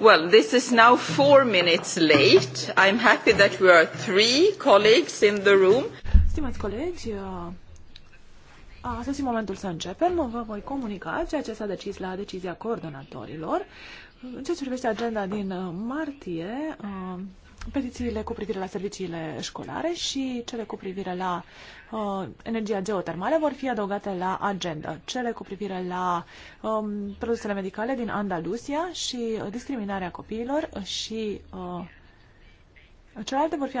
Well, this is now four minutes late. I'm happy that we are three colleagues in the room. Stimați colegi, a sosit momentul să începem. Vă voi comunica ceea ce s-a decis la decizia coordonatorilor. În ceea ce privește agenda din martie, petițiile cu privire la serviciile școlare și cele cu privire la uh, energia geotermală vor fi adăugate la agenda. Cele cu privire la um, produsele medicale din Andalusia și uh, discriminarea copiilor și uh, Celelalte vor fi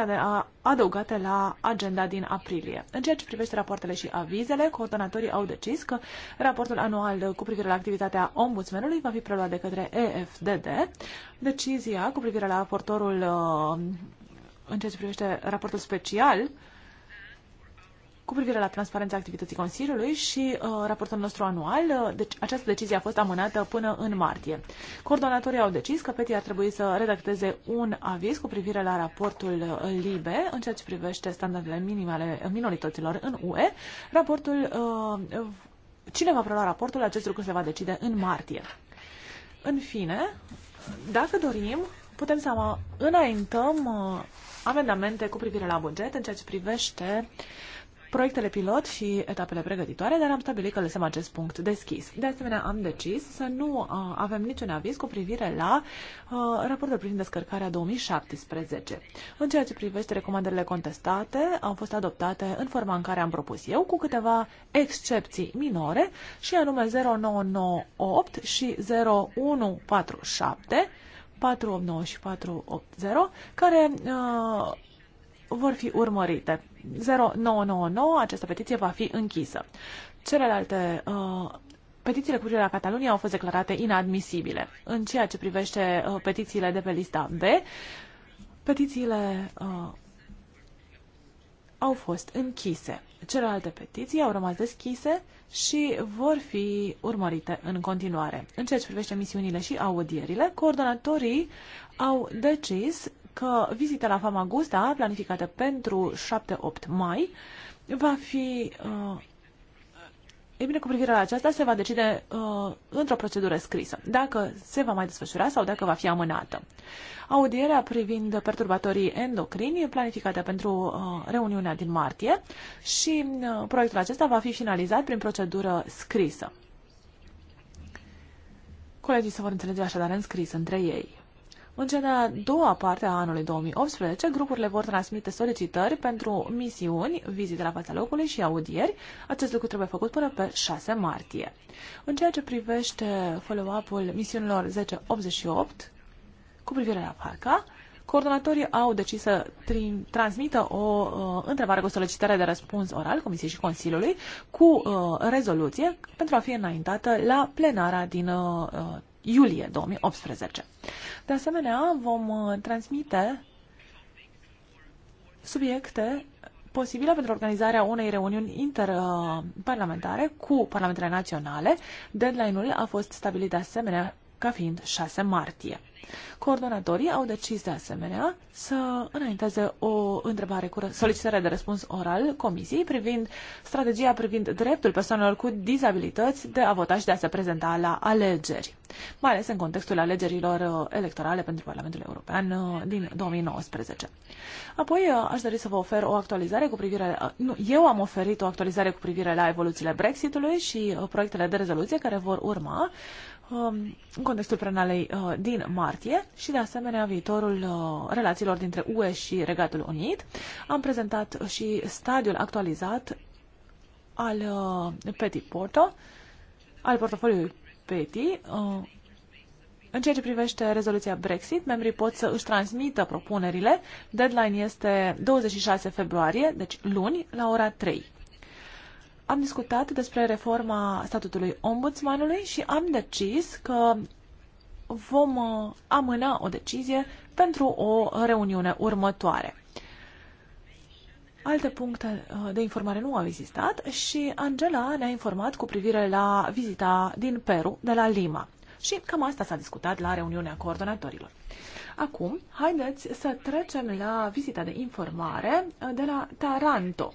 adăugate la agenda din aprilie. În ceea ce privește rapoartele și avizele, coordonatorii au decis că raportul anual cu privire la activitatea ombudsmenului va fi preluat de către EFDD. Decizia cu privire la raportorul uh, în ceea ce privește raportul special cu privire la transparența activității Consiliului și uh, raportul nostru anual. Uh, deci această decizie a fost amânată până în martie. Coordonatorii au decis că PETI ar trebui să redacteze un aviz cu privire la raportul uh, LIBE în ceea ce privește standardele minime ale minorităților în UE. Raportul, uh, cine va prelua raportul, acest lucru se va decide în martie. În fine, dacă dorim, putem să înaintăm uh, amendamente cu privire la buget în ceea ce privește uh, proiectele pilot și etapele pregătitoare, dar am stabilit că lăsăm acest punct deschis. De asemenea, am decis să nu avem niciun aviz cu privire la uh, raportul privind descărcarea 2017. În ceea ce privește recomandările contestate, au fost adoptate în forma în care am propus eu, cu câteva excepții minore, și anume 0998 și 0147, 489 și 480, care uh, vor fi urmărite. 0999, această petiție va fi închisă. Celelalte uh, petițiile cu privire la Catalunia au fost declarate inadmisibile. În ceea ce privește uh, petițiile de pe lista B, petițiile uh, au fost închise. Celelalte petiții au rămas deschise și vor fi urmărite în continuare. În ceea ce privește misiunile și audierile, coordonatorii au decis că vizita la Famagusta, planificată pentru 7-8 mai, va fi... Uh, e bine, cu privire la aceasta se va decide uh, într-o procedură scrisă, dacă se va mai desfășura sau dacă va fi amânată. Audierea privind perturbatorii endocrini e planificată pentru uh, reuniunea din martie și uh, proiectul acesta va fi finalizat prin procedură scrisă. Colegii se vor înțelege așadar în scris între ei. În cea de-a doua parte a anului 2018, grupurile vor transmite solicitări pentru misiuni, vizite la fața locului și audieri. Acest lucru trebuie făcut până pe 6 martie. În ceea ce privește follow-up-ul misiunilor 1088 cu privire la FACA, coordonatorii au decis să transmită o uh, întrebare cu solicitare de răspuns oral Comisiei și Consiliului cu uh, rezoluție pentru a fi înaintată la plenara din uh, iulie 2018. De asemenea, vom uh, transmite subiecte posibile pentru organizarea unei reuniuni interparlamentare cu parlamentele naționale. Deadline-ul a fost stabilit de asemenea ca fiind 6 martie. Coordonatorii au decis de asemenea să înainteze o întrebare cu solicitare de răspuns oral comisiei privind strategia privind dreptul persoanelor cu dizabilități de a vota și de a se prezenta la alegeri, mai ales în contextul alegerilor uh, electorale pentru Parlamentul European uh, din 2019. Apoi uh, aș dori să vă ofer o actualizare cu privire la... Nu, eu am oferit o actualizare cu privire la evoluțiile Brexitului și proiectele de rezoluție care vor urma Um, în contextul plenalei uh, din martie și, de asemenea, viitorul uh, relațiilor dintre UE și Regatul Unit. Am prezentat și stadiul actualizat al uh, Petit Porto, al portofoliului Petit. În ceea ce privește rezoluția Brexit, membrii pot să își transmită propunerile. Deadline este 26 februarie, deci luni, la ora 3 am discutat despre reforma statutului ombudsmanului și am decis că vom uh, amâna o decizie pentru o reuniune următoare. Alte puncte uh, de informare nu au existat și Angela ne-a informat cu privire la vizita din Peru, de la Lima. Și cam asta s-a discutat la reuniunea coordonatorilor. Acum, haideți să trecem la vizita de informare uh, de la Taranto.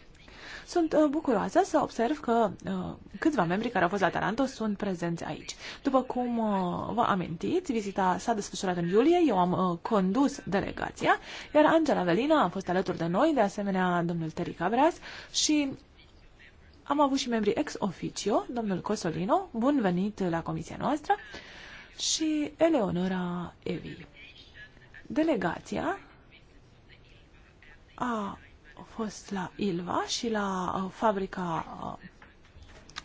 Sunt uh, bucuroasă să observ că uh, câțiva membri care au fost la Taranto sunt prezenți aici. După cum uh, vă amintiți, vizita s-a desfășurat în iulie, eu am condus delegația, iar Angela Velina a fost alături de noi, de asemenea domnul Terry Cabras și am avut și membrii ex officio, domnul Cosolino, bun venit la comisia noastră, și Eleonora Evi. Delegația a fost la Ilva și la uh, fabrica uh,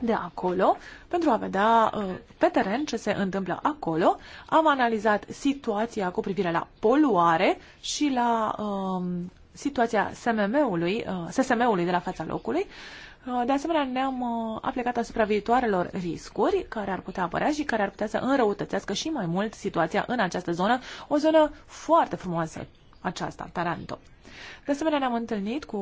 de acolo pentru a vedea uh, pe teren ce se întâmplă acolo. Am analizat situația cu privire la poluare și la um, uh, situația SMM-ului, uh, SSM-ului de la fața locului. Uh, de asemenea, ne-am uh, aplicat asupra viitoarelor riscuri care ar putea apărea și care ar putea să înrăutățească și mai mult situația în această zonă, o zonă foarte frumoasă, aceasta, Taranto. De asemenea, ne-am întâlnit cu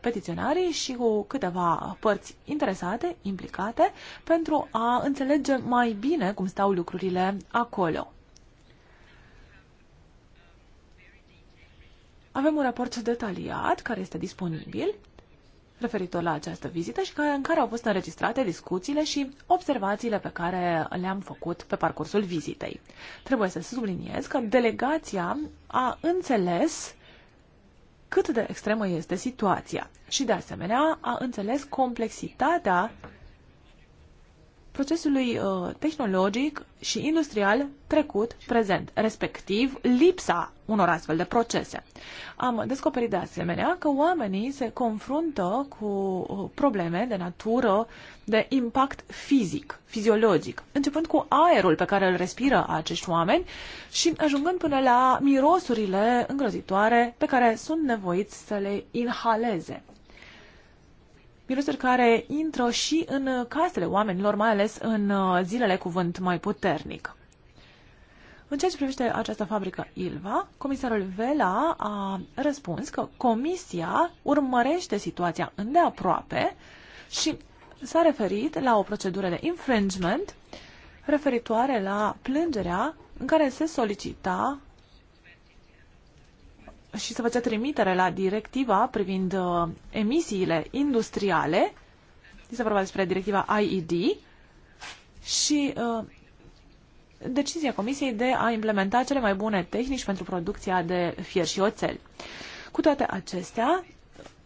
petiționarii și cu câteva părți interesate, implicate, pentru a înțelege mai bine cum stau lucrurile acolo. Avem un raport detaliat care este disponibil referitor la această vizită și în care au fost înregistrate discuțiile și observațiile pe care le-am făcut pe parcursul vizitei. Trebuie să subliniez că delegația a înțeles cât de extremă este situația și, de asemenea, a înțeles complexitatea procesului uh, tehnologic și industrial trecut, prezent, respectiv lipsa unor astfel de procese. Am descoperit de asemenea că oamenii se confruntă cu uh, probleme de natură de impact fizic, fiziologic, începând cu aerul pe care îl respiră acești oameni și ajungând până la mirosurile îngrozitoare pe care sunt nevoiți să le inhaleze virusuri care intră și în casele oamenilor, mai ales în uh, zilele cu vânt mai puternic. În ceea ce privește această fabrică Ilva, comisarul Vela a răspuns că comisia urmărește situația îndeaproape și s-a referit la o procedură de infringement referitoare la plângerea în care se solicita și să făcea trimitere la directiva privind uh, emisiile industriale, este vorba despre directiva IED, și uh, decizia Comisiei de a implementa cele mai bune tehnici pentru producția de fier și oțel. Cu toate acestea,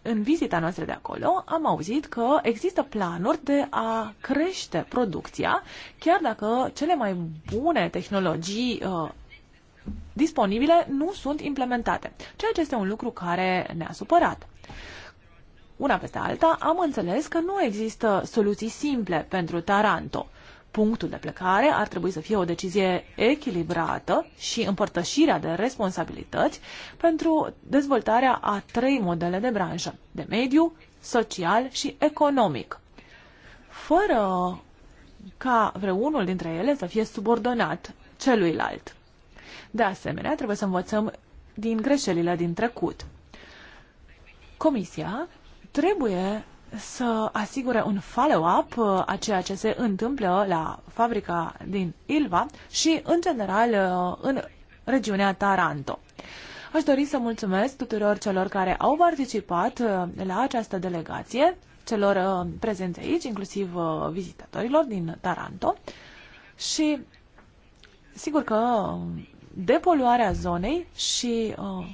în vizita noastră de acolo, am auzit că există planuri de a crește producția, chiar dacă cele mai bune tehnologii uh, disponibile nu sunt implementate, ceea ce este un lucru care ne-a supărat. Una peste alta, am înțeles că nu există soluții simple pentru Taranto. Punctul de plecare ar trebui să fie o decizie echilibrată și împărtășirea de responsabilități pentru dezvoltarea a trei modele de branșă, de mediu, social și economic. Fără ca vreunul dintre ele să fie subordonat celuilalt. De asemenea, trebuie să învățăm din greșelile din trecut. Comisia trebuie să asigure un follow-up uh, a ceea ce se întâmplă la fabrica din Ilva și, în general, uh, în regiunea Taranto. Aș dori să mulțumesc tuturor celor care au participat uh, la această delegație, celor prezenți aici, inclusiv vizitatorilor din Taranto și sigur că um, depoluarea zonei și uh,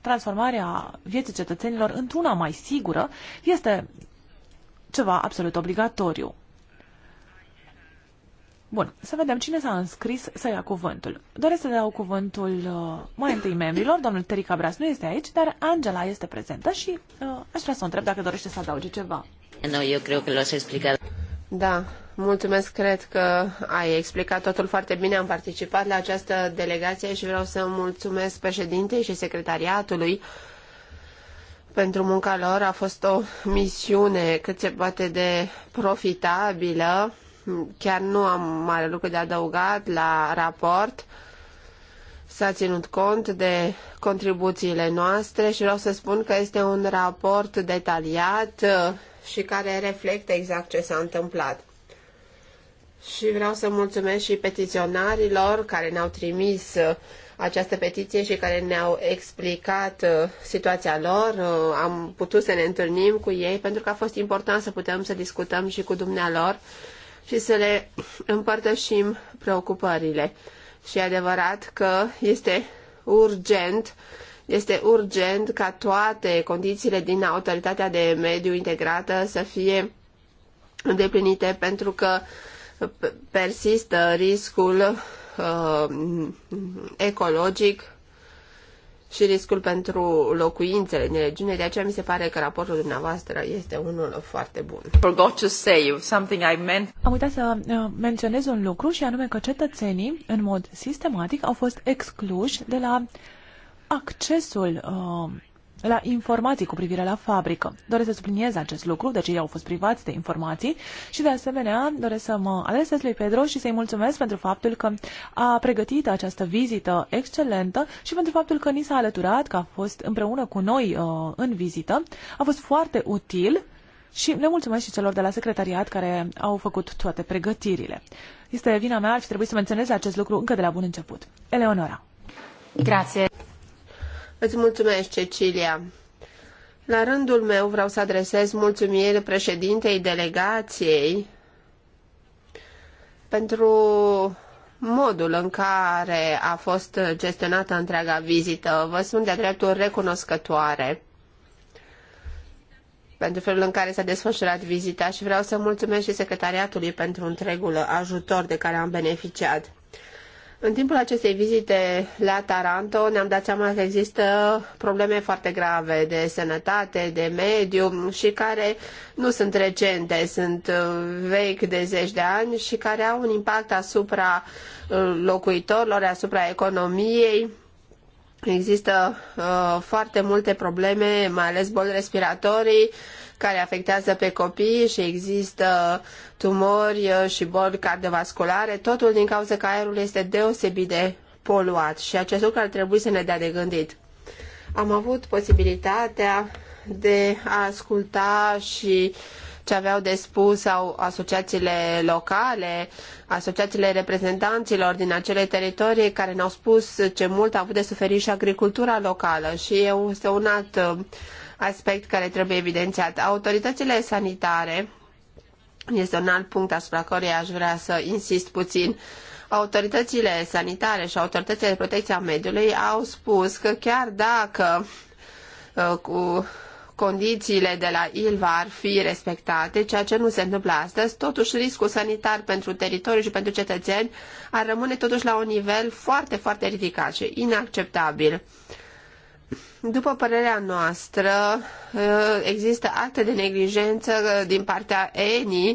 transformarea vieții cetățenilor într-una mai sigură este ceva absolut obligatoriu. Bun, să vedem cine s-a înscris să ia cuvântul. Doresc să dau cuvântul uh, mai întâi membrilor. Domnul Terica Cabras nu este aici, dar Angela este prezentă și uh, aș vrea să o întreb dacă dorește să adauge ceva. No, eu cred că l-ați explicat. Da, mulțumesc, cred că ai explicat totul foarte bine. Am participat la această delegație și vreau să mulțumesc președintei și secretariatului pentru munca lor. A fost o misiune cât se poate de profitabilă. Chiar nu am mare lucru de adăugat la raport. S-a ținut cont de contribuțiile noastre și vreau să spun că este un raport detaliat și care reflectă exact ce s-a întâmplat. Și vreau să mulțumesc și petiționarilor care ne-au trimis uh, această petiție și care ne-au explicat uh, situația lor. Uh, am putut să ne întâlnim cu ei pentru că a fost important să putem să discutăm și cu dumnealor și să le împărtășim preocupările. Și e adevărat că este urgent este urgent ca toate condițiile din autoritatea de mediu integrată să fie îndeplinite pentru că persistă riscul uh, ecologic și riscul pentru locuințele din regiune. De aceea mi se pare că raportul dumneavoastră este unul foarte bun. to say something I meant. Am uitat să uh, menționez un lucru și anume că cetățenii, în mod sistematic, au fost excluși de la accesul uh, la informații cu privire la fabrică. Doresc să subliniez acest lucru, deci ei au fost privați de informații și de asemenea doresc să mă adresez lui Pedro și să-i mulțumesc pentru faptul că a pregătit această vizită excelentă și pentru faptul că ni s-a alăturat, că a fost împreună cu noi uh, în vizită. A fost foarte util și le mulțumesc și celor de la secretariat care au făcut toate pregătirile. Este vina mea, ar fi trebuit să menționez acest lucru încă de la bun început. Eleonora. Grazie. Îți mulțumesc, Cecilia. La rândul meu vreau să adresez mulțumiri președintei delegației pentru modul în care a fost gestionată întreaga vizită. Vă sunt de-a dreptul recunoscătoare pentru felul în care s-a desfășurat vizita și vreau să mulțumesc și secretariatului pentru întregul ajutor de care am beneficiat. În timpul acestei vizite la Taranto ne-am dat seama că există probleme foarte grave de sănătate, de mediu și care nu sunt recente, sunt uh, vechi de zeci de ani și care au un impact asupra uh, locuitorilor, asupra economiei. Există uh, foarte multe probleme, mai ales boli respiratorii, uh, care afectează pe copii și există tumori și boli cardiovasculare, totul din cauza că aerul este deosebit de poluat și acest lucru ar trebui să ne dea de gândit. Am avut posibilitatea de a asculta și ce aveau de spus au asociațiile locale, asociațiile reprezentanților din acele teritorii care ne-au spus ce mult a avut de suferit și agricultura locală și este un alt aspect care trebuie evidențiat. Autoritățile sanitare este un alt punct asupra căruia aș vrea să insist puțin. Autoritățile sanitare și autoritățile de protecție a mediului au spus că chiar dacă uh, cu condițiile de la Ilva ar fi respectate, ceea ce nu se întâmplă astăzi, totuși riscul sanitar pentru teritoriu și pentru cetățeni ar rămâne totuși la un nivel foarte, foarte ridicat și inacceptabil. După părerea noastră, uh, există acte de neglijență uh, din partea ENI,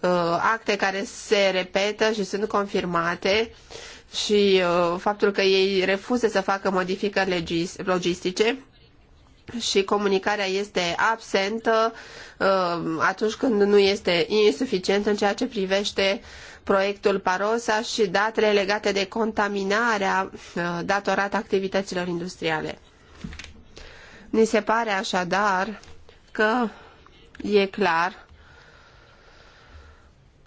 uh, acte care se repetă și sunt confirmate și faptul că ei refuză să facă modificări logistice și comunicarea este absentă atunci când nu este insuficientă în ceea ce privește proiectul Parosa și datele legate de contaminarea datorată activităților industriale. Ni se pare așadar că e clar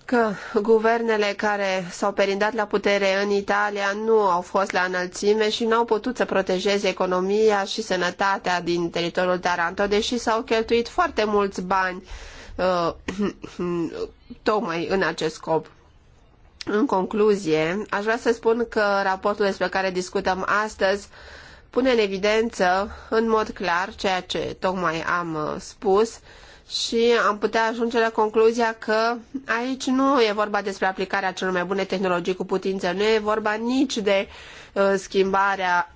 că guvernele care s-au perindat la putere în Italia nu au fost la înălțime și nu au putut să protejeze economia și sănătatea din teritoriul Taranto, deși s-au cheltuit foarte mulți bani uh, tocmai în acest scop. În concluzie, aș vrea să spun că raportul despre care discutăm astăzi pune în evidență în mod clar ceea ce tocmai am uh, spus, și am putea ajunge la concluzia că aici nu e vorba despre aplicarea celor mai bune tehnologii cu putință, nu e vorba nici de uh, schimbarea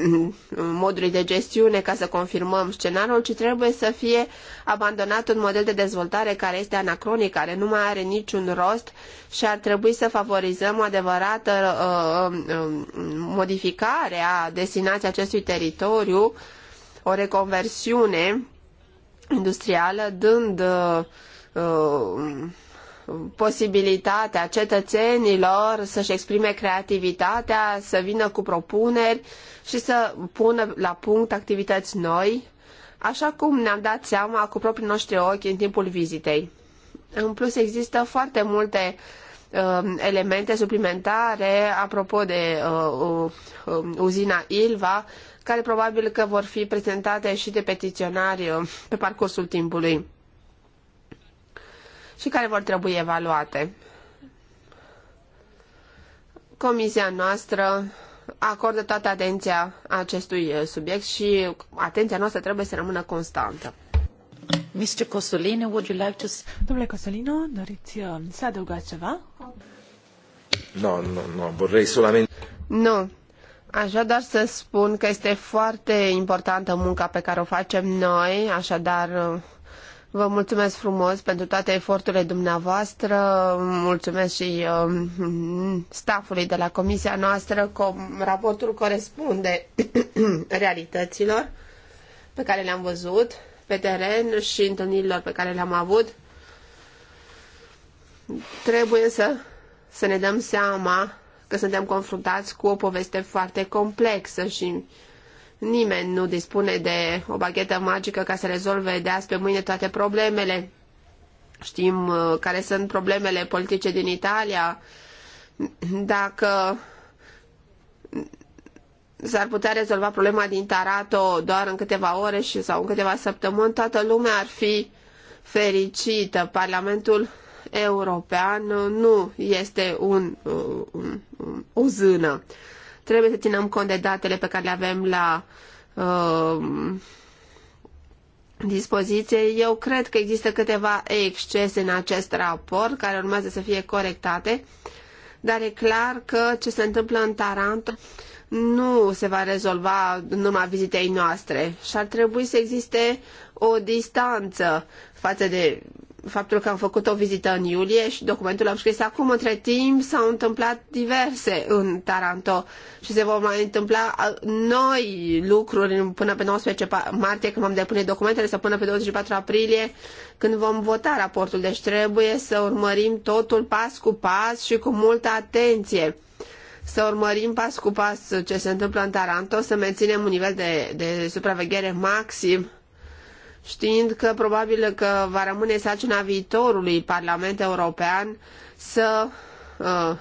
modului de gestiune ca să confirmăm scenariul, ci trebuie să fie abandonat un model de dezvoltare care este anacronic, care nu mai are niciun rost și ar trebui să favorizăm o adevărată uh, uh, um, modificare a destinației acestui teritoriu, o reconversiune industrială, dând uh, uh, posibilitatea cetățenilor să-și exprime creativitatea, să vină cu propuneri și să pună la punct activități noi, așa cum ne-am dat seama cu proprii noștri ochi în timpul vizitei. În plus, există foarte multe uh, elemente suplimentare apropo de uh, uh, um, uzina Ilva care probabil că vor fi prezentate și de petiționari uh, pe parcursul timpului și care vor trebui evaluate. Comisia noastră acordă toată atenția acestui uh, subiect și atenția noastră trebuie să rămână constantă. Mr. Cosolino, would you like to... Domnule Cosolino, doriți uh, să adăugați ceva? Nu, no, nu, no, nu, no, vorrei solamente... Nu, Aș vrea doar să spun că este foarte importantă munca pe care o facem noi, așadar vă mulțumesc frumos pentru toate eforturile dumneavoastră, mulțumesc și um, staffului de la comisia noastră, că raportul corespunde realităților pe care le-am văzut pe teren și întâlnirilor pe care le-am avut. Trebuie să, să ne dăm seama că suntem confruntați cu o poveste foarte complexă și nimeni nu dispune de o baghetă magică ca să rezolve de azi pe mâine toate problemele. Știm uh, care sunt problemele politice din Italia. Dacă s-ar putea rezolva problema din Tarato doar în câteva ore și sau în câteva săptămâni, toată lumea ar fi fericită. Parlamentul european nu este un, un, un, o zână. Trebuie să ținem cont de datele pe care le avem la uh, dispoziție. Eu cred că există câteva excese în acest raport care urmează să fie corectate, dar e clar că ce se întâmplă în Taranto nu se va rezolva în urma vizitei noastre și ar trebui să existe o distanță față de faptul că am făcut o vizită în iulie și documentul am scris acum. Între timp s-au întâmplat diverse în Taranto și se vor mai întâmpla noi lucruri până pe 19 martie când vom depune documentele sau până pe 24 aprilie când vom vota raportul. Deci trebuie să urmărim totul pas cu pas și cu multă atenție să urmărim pas cu pas ce se întâmplă în Taranto, să menținem un nivel de, de supraveghere maxim știind că probabil că va rămâne sacina viitorului Parlament European să uh,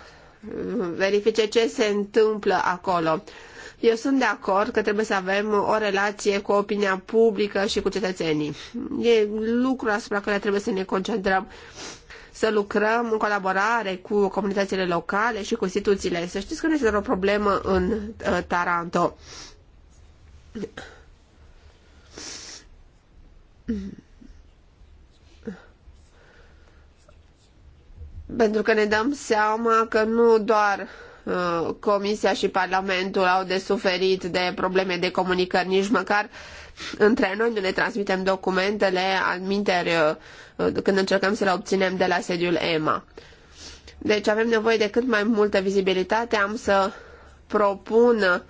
verifice ce se întâmplă acolo. Eu sunt de acord că trebuie să avem o relație cu opinia publică și cu cetățenii. E lucru asupra care trebuie să ne concentrăm să lucrăm în colaborare cu comunitățile locale și cu instituțiile. Să știți că nu este doar o problemă în uh, Taranto. Pentru că ne dăm seama că nu doar uh, Comisia și Parlamentul au de suferit de probleme de comunicări, nici măcar între noi nu ne transmitem documentele adminteri uh, uh, când încercăm să le obținem de la sediul EMA. Deci avem nevoie de cât mai multă vizibilitate. Am să propun uh,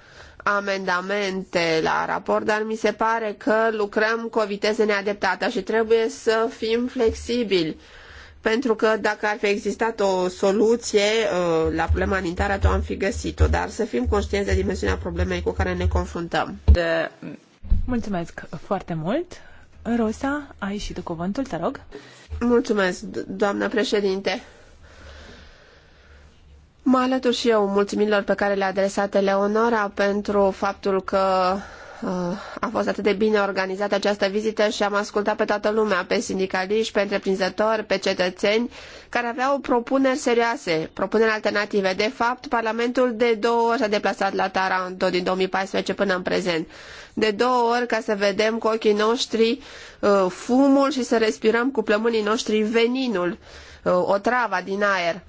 amendamente la raport, dar mi se pare că lucrăm cu o viteză neadeptată și trebuie să fim flexibili. Pentru că dacă ar fi existat o soluție uh, la problema alimentară, atunci am fi găsit-o, dar să fim conștienți de dimensiunea problemei cu care ne confruntăm. De... Mulțumesc foarte mult! Rosa, ai și tu cuvântul, te rog. Mulțumesc, doamnă președinte. Mă alătur și eu mulțumirilor pe care le-a adresat Eleonora pentru faptul că uh, a fost atât de bine organizată această vizită și am ascultat pe toată lumea, pe sindicaliști, pe întreprinzători, pe cetățeni, care aveau propuneri serioase, propuneri alternative. De fapt, Parlamentul de două ori s-a deplasat la Taranto din 2014 până în prezent. De două ori ca să vedem cu ochii noștri uh, fumul și să respirăm cu plămânii noștri veninul, uh, o travă din aer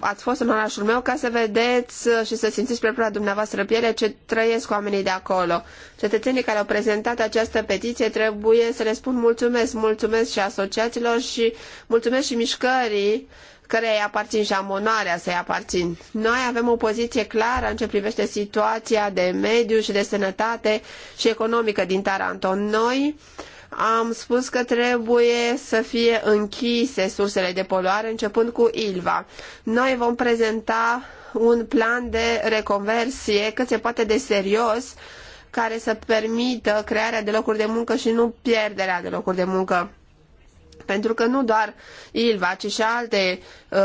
ați fost în orașul meu ca să vedeți și să simțiți pe propria dumneavoastră piele ce trăiesc oamenii de acolo. Cetățenii care au prezentat această petiție trebuie să le spun mulțumesc, mulțumesc și asociațiilor și mulțumesc și mișcării care îi aparțin și am onoarea să-i aparțin. Noi avem o poziție clară în ce privește situația de mediu și de sănătate și economică din Taranto. Noi am spus că trebuie să fie închise sursele de poluare, începând cu Ilva. Noi vom prezenta un plan de reconversie cât se poate de serios care să permită crearea de locuri de muncă și nu pierderea de locuri de muncă pentru că nu doar Ilva, ci și alte uh,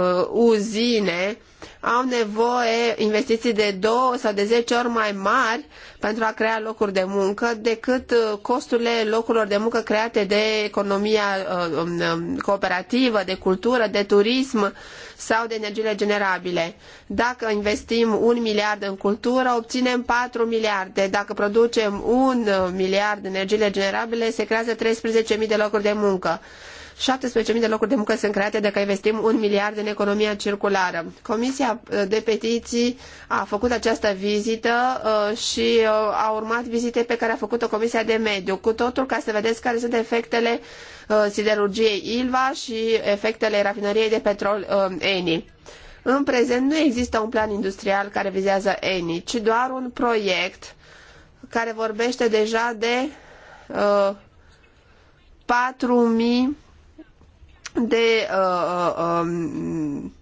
uh, uzine au nevoie investiții de două sau de zece ori mai mari pentru a crea locuri de muncă decât uh, costurile locurilor de muncă create de economia uh, um, um, cooperativă, de cultură, de turism sau de energiile generabile. Dacă investim un miliard în cultură, obținem patru miliarde. Dacă producem un uh, miliard în energiile generabile, se creează 13.000 de locuri de muncă. 17.000 de locuri de muncă sunt create dacă investim un miliard în economia circulară. Comisia uh, de petiții a făcut această vizită uh, și uh, a urmat vizite pe care a făcut-o Comisia de Mediu, cu totul ca să vedeți care sunt efectele siderurgiei Ilva și efectele rafinăriei de petrol Eni. În prezent nu există un plan industrial care vizează Eni, ci doar un proiect care vorbește deja de uh, 4000 de uh, uh, um,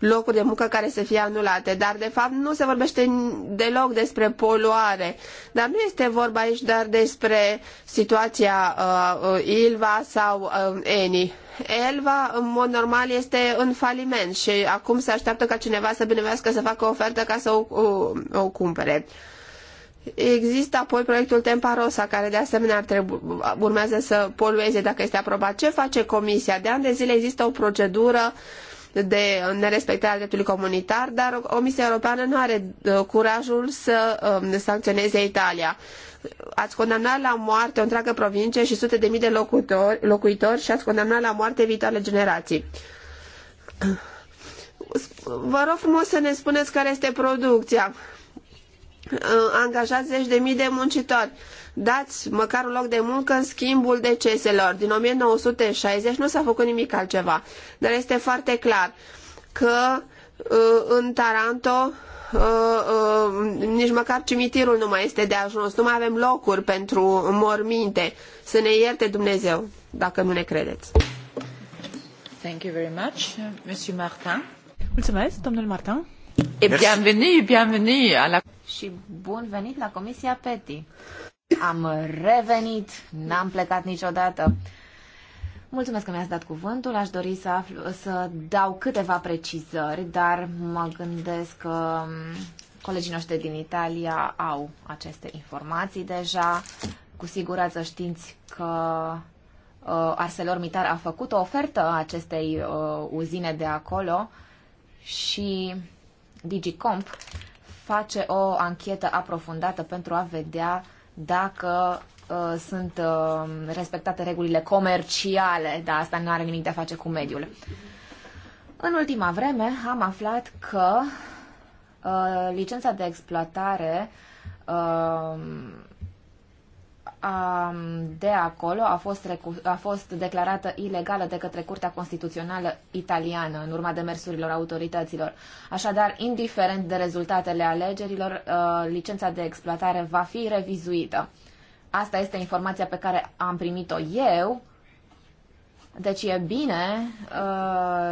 locuri de muncă care să fie anulate, dar de fapt nu se vorbește deloc despre poluare, dar nu este vorba aici doar despre situația uh, uh, Ilva sau uh, Eni. Elva, în mod normal, este în faliment și acum se așteaptă ca cineva să binevească să facă o ofertă ca să o, o, o cumpere. Uh, Există apoi proiectul Temparosa, care de asemenea ar trebui, urmează să polueze dacă este aprobat. Ce face Comisia? De ani de zile există o procedură de nerespectare a dreptului comunitar, dar Comisia Europeană nu are uh, curajul să um, sancționeze Italia. Ați condamnat la moarte o întreagă provincie și sute de mii de locutori, locuitori și ați condamnat la moarte viitoarele generații. Vă rog frumos să ne spuneți care este producția. Uh, angajați zeci de mii de muncitori. Dați măcar un loc de muncă în schimbul deceselor. Din 1960 nu s-a făcut nimic altceva. Dar este foarte clar că uh, în Taranto uh, nici măcar cimitirul nu mai este de ajuns. Nu mai avem locuri pentru morminte. Să ne ierte Dumnezeu, dacă nu ne credeți. Thank you very much, Monsieur Martin. Mulțumesc, domnul Martin. E bienvenue, bienvenue la... Și bun venit la Comisia PETI. Am revenit, n-am plecat niciodată. Mulțumesc că mi-ați dat cuvântul. Aș dori să, aflu, să dau câteva precizări, dar mă gândesc că um, colegii noștri din Italia au aceste informații deja. Cu siguranță știți că uh, ArcelorMittal a făcut o ofertă acestei uh, uzine de acolo și DigiComp face o anchetă aprofundată pentru a vedea dacă uh, sunt uh, respectate regulile comerciale, dar asta nu are nimic de a face cu mediul. În ultima vreme am aflat că uh, licența de exploatare uh, de acolo a fost, a fost declarată ilegală de către Curtea Constituțională Italiană în urma demersurilor autorităților. Așadar, indiferent de rezultatele alegerilor, uh, licența de exploatare va fi revizuită. Asta este informația pe care am primit-o eu deci e bine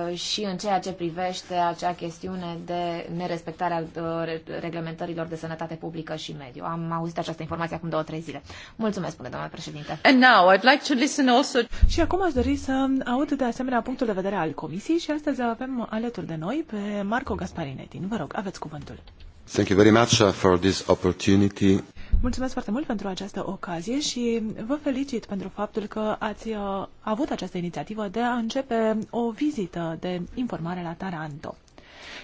uh, și în ceea ce privește acea chestiune de nerespectarea uh, reglementărilor de sănătate publică și mediu. Am auzit această informație acum două-trei zile. Mulțumesc, spune doamna președinte. And now I'd like to listen also... Și acum aș dori să aud de asemenea punctul de vedere al comisiei și astăzi avem alături de noi pe Marco Gasparinetin. Vă rog, aveți cuvântul. Thank you very much uh, for this opportunity. Mulțumesc foarte mult pentru această ocazie și vă felicit pentru faptul că ați uh, avut această inițiativă de a începe o vizită de informare la Taranto.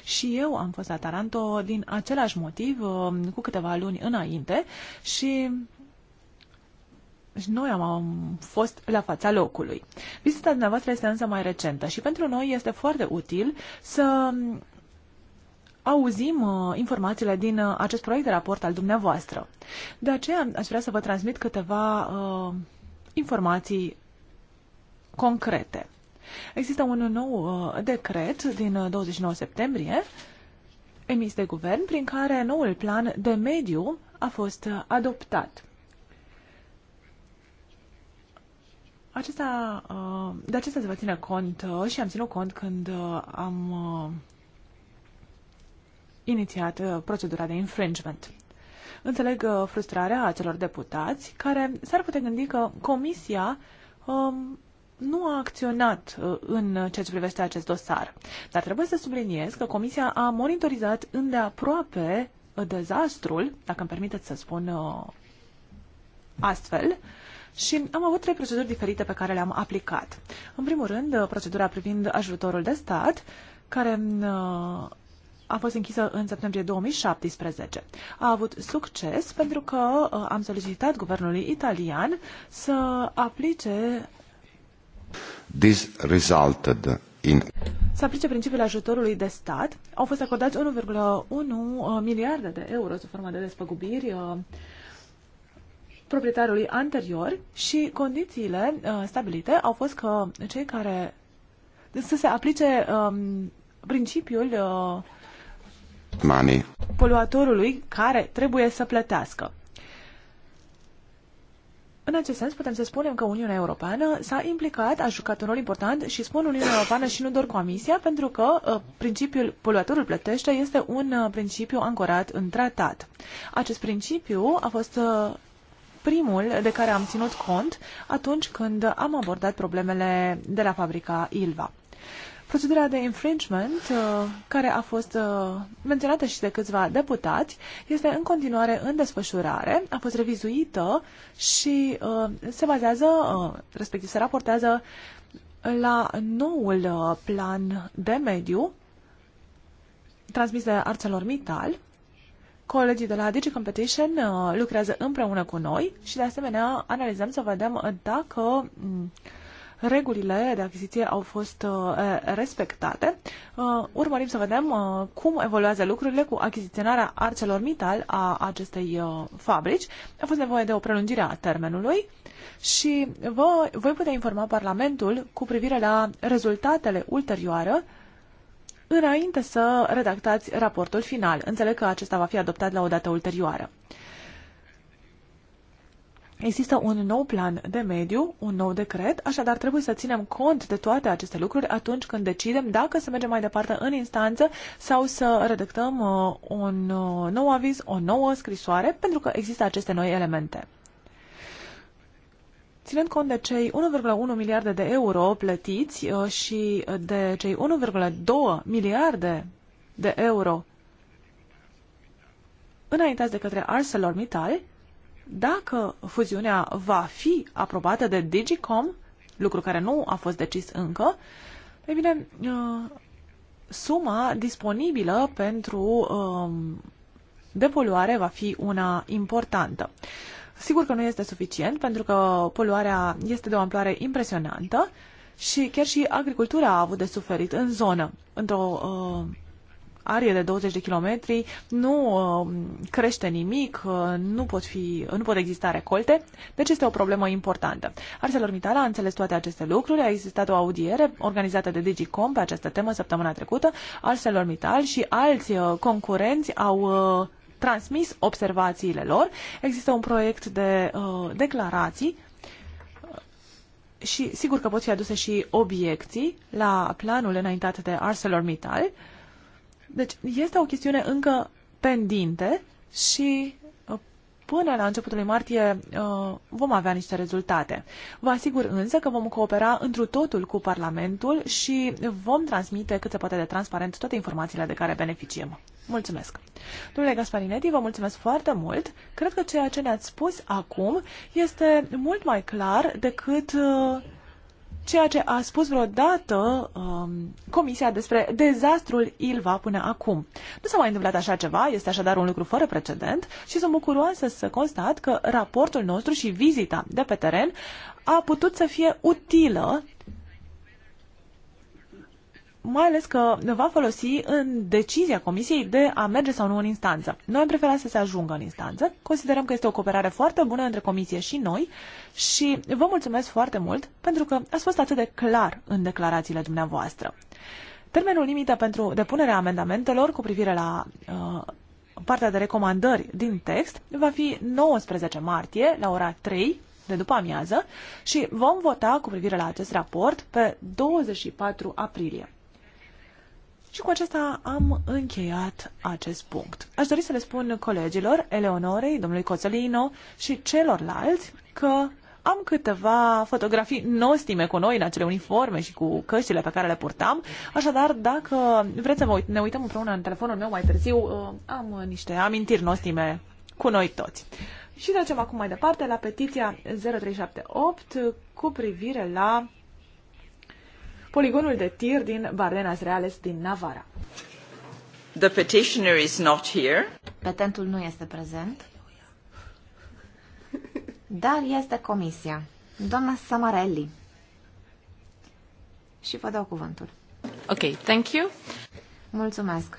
Și eu am fost la Taranto din același motiv, uh, cu câteva luni înainte și și noi am fost la fața locului. Vizita dumneavoastră este însă mai recentă și pentru noi este foarte util să auzim uh, informațiile din uh, acest proiect de raport al dumneavoastră. De aceea aș vrea să vă transmit câteva uh, informații concrete. Există un nou uh, decret din 29 uh, septembrie emis de guvern prin care noul plan de mediu a fost adoptat. Acesta, de acesta se va ține cont și am ținut cont când am inițiat uh, procedura de infringement. Înțeleg uh, frustrarea acelor deputați care s-ar putea gândi că Comisia um, nu a acționat uh, în ceea ce privește acest dosar. Dar trebuie să subliniez că Comisia a monitorizat îndeaproape dezastrul, dacă îmi permiteți să spun astfel, și am avut trei proceduri diferite pe care le-am aplicat. În primul rând, procedura privind ajutorul de stat, care a fost închisă în septembrie 2017. A avut succes pentru că uh, am solicitat guvernului italian să aplice This resulted in... Să aplice principiul ajutorului de stat. Au fost acordați 1,1 uh, miliarde de euro sub formă de despăgubiri uh, proprietarului anterior și condițiile stabilite au fost că cei care să se aplice um, principiul uh, Money. Poluatorului care trebuie să plătească. În acest sens, putem să spunem că Uniunea Europeană s-a implicat, a jucat un rol important și spun Uniunea Europeană și nu doar Comisia, pentru că uh, principiul poluatorul plătește este un uh, principiu ancorat în tratat. Acest principiu a fost uh, primul de care am ținut cont atunci când am abordat problemele de la fabrica Ilva. Procedura de infringement, uh, care a fost uh, menționată și de câțiva deputați, este în continuare în desfășurare, a fost revizuită și uh, se bazează, respectiv se raportează la noul plan de mediu transmis de ArcelorMittal. Colegii de la Digi Competition lucrează împreună cu noi și de asemenea analizăm să vedem dacă mm, regulile de achiziție au fost uh, respectate. Uh, urmărim să vedem uh, cum evoluează lucrurile cu achiziționarea mital a acestei fabrici. A fost nevoie de o prelungire a termenului și vă, voi putea informa Parlamentul cu privire la rezultatele ulterioare înainte să redactați raportul final. Înțeleg că acesta va fi adoptat la o dată ulterioară. Există un nou plan de mediu, un nou decret, așadar trebuie să ținem cont de toate aceste lucruri atunci când decidem dacă să mergem mai departe în instanță sau să redactăm uh, un uh, nou aviz, o nouă scrisoare, pentru că există aceste noi elemente. Ținând cont de cei 1,1 miliarde de euro plătiți uh, și de cei 1,2 miliarde de euro înaintați de către ArcelorMittal, dacă fuziunea va fi aprobată de Digicom, lucru care nu a fost decis încă, e bine, uh, suma disponibilă pentru um, depoluare va fi una importantă. Sigur că nu este suficient, pentru că poluarea este de o amploare impresionantă și chiar și agricultura a avut de suferit în zonă. Într-o uh, arie de 20 de kilometri nu uh, crește nimic, uh, nu pot, fi, uh, nu pot exista recolte, deci este o problemă importantă. ArcelorMittal a înțeles toate aceste lucruri, a existat o audiere organizată de Digicom pe această temă săptămâna trecută, ArcelorMittal și alți concurenți au transmis observațiile lor. Există un proiect de uh, declarații și sigur că pot fi aduse și obiecții la planul înaintat de ArcelorMittal. Uh, deci este o chestiune încă pendinte și uh, până la începutul lui martie uh, vom avea niște rezultate. Vă asigur însă că vom coopera întru totul cu Parlamentul și vom transmite cât se poate de transparent toate informațiile de care beneficiem. Mulțumesc! Domnule Gasparinetti, vă mulțumesc foarte mult. Cred că ceea ce ne-ați spus acum este mult mai clar decât uh, ceea ce a spus vreodată um, Comisia despre dezastrul Ilva până acum. Nu s-a mai întâmplat așa ceva, este așadar un lucru fără precedent și sunt bucuroasă să constat că raportul nostru și vizita de pe teren a putut să fie utilă mai ales că va folosi în decizia Comisiei de a merge sau nu în instanță. Noi am preferat să se ajungă în instanță. Considerăm că este o cooperare foarte bună între Comisie și noi și vă mulțumesc foarte mult pentru că ați fost atât de clar în declarațiile dumneavoastră. Termenul limită pentru depunerea amendamentelor cu privire la uh, partea de recomandări din text va fi 19 martie la ora 3 de după amiază și vom vota cu privire la acest raport pe 24 aprilie. Și cu acesta am încheiat acest punct. Aș dori să le spun colegilor, Eleonorei, domnului Coțelino și celorlalți că am câteva fotografii nostime cu noi în acele uniforme și cu căștile pe care le purtam. Așadar, dacă vreți să uit ne uităm împreună în telefonul meu mai târziu, uh, am niște amintiri nostime cu noi toți. Și trecem acum mai departe la petiția 0378 cu privire la poligonul de tir din Bardenas Reales din Navara. The petitioner is not here. Petentul nu este prezent. Dar este comisia. Doamna Samarelli. Și vă dau cuvântul. Ok, thank you. Mulțumesc.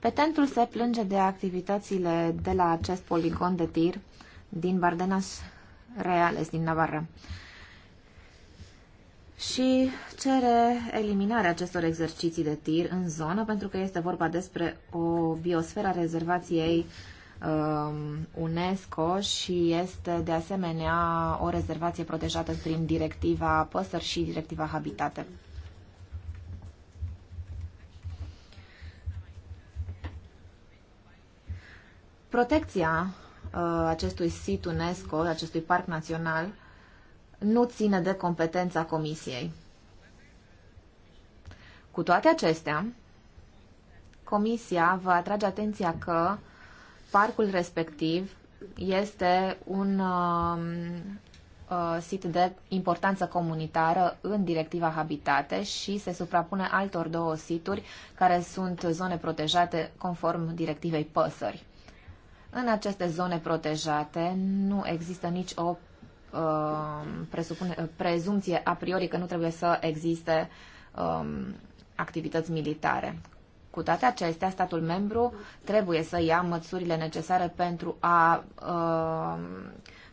Petentul se plânge de activitățile de la acest poligon de tir din Bardenas Reales, din Navarra. Și cere eliminarea acestor exerciții de tir în zonă, pentru că este vorba despre o biosferă a rezervației um, UNESCO și este de asemenea o rezervație protejată prin directiva păsări și directiva habitate. Protecția Uh, acestui sit UNESCO, acestui parc național, nu ține de competența Comisiei. Cu toate acestea, Comisia va atrage atenția că parcul respectiv este un uh, uh, sit de importanță comunitară în directiva Habitate și se suprapune altor două situri care sunt zone protejate conform directivei păsări. În aceste zone protejate nu există nici o uh, prezumție a priori că nu trebuie să existe um, activități militare. Cu toate acestea, statul membru trebuie să ia măsurile necesare pentru a uh,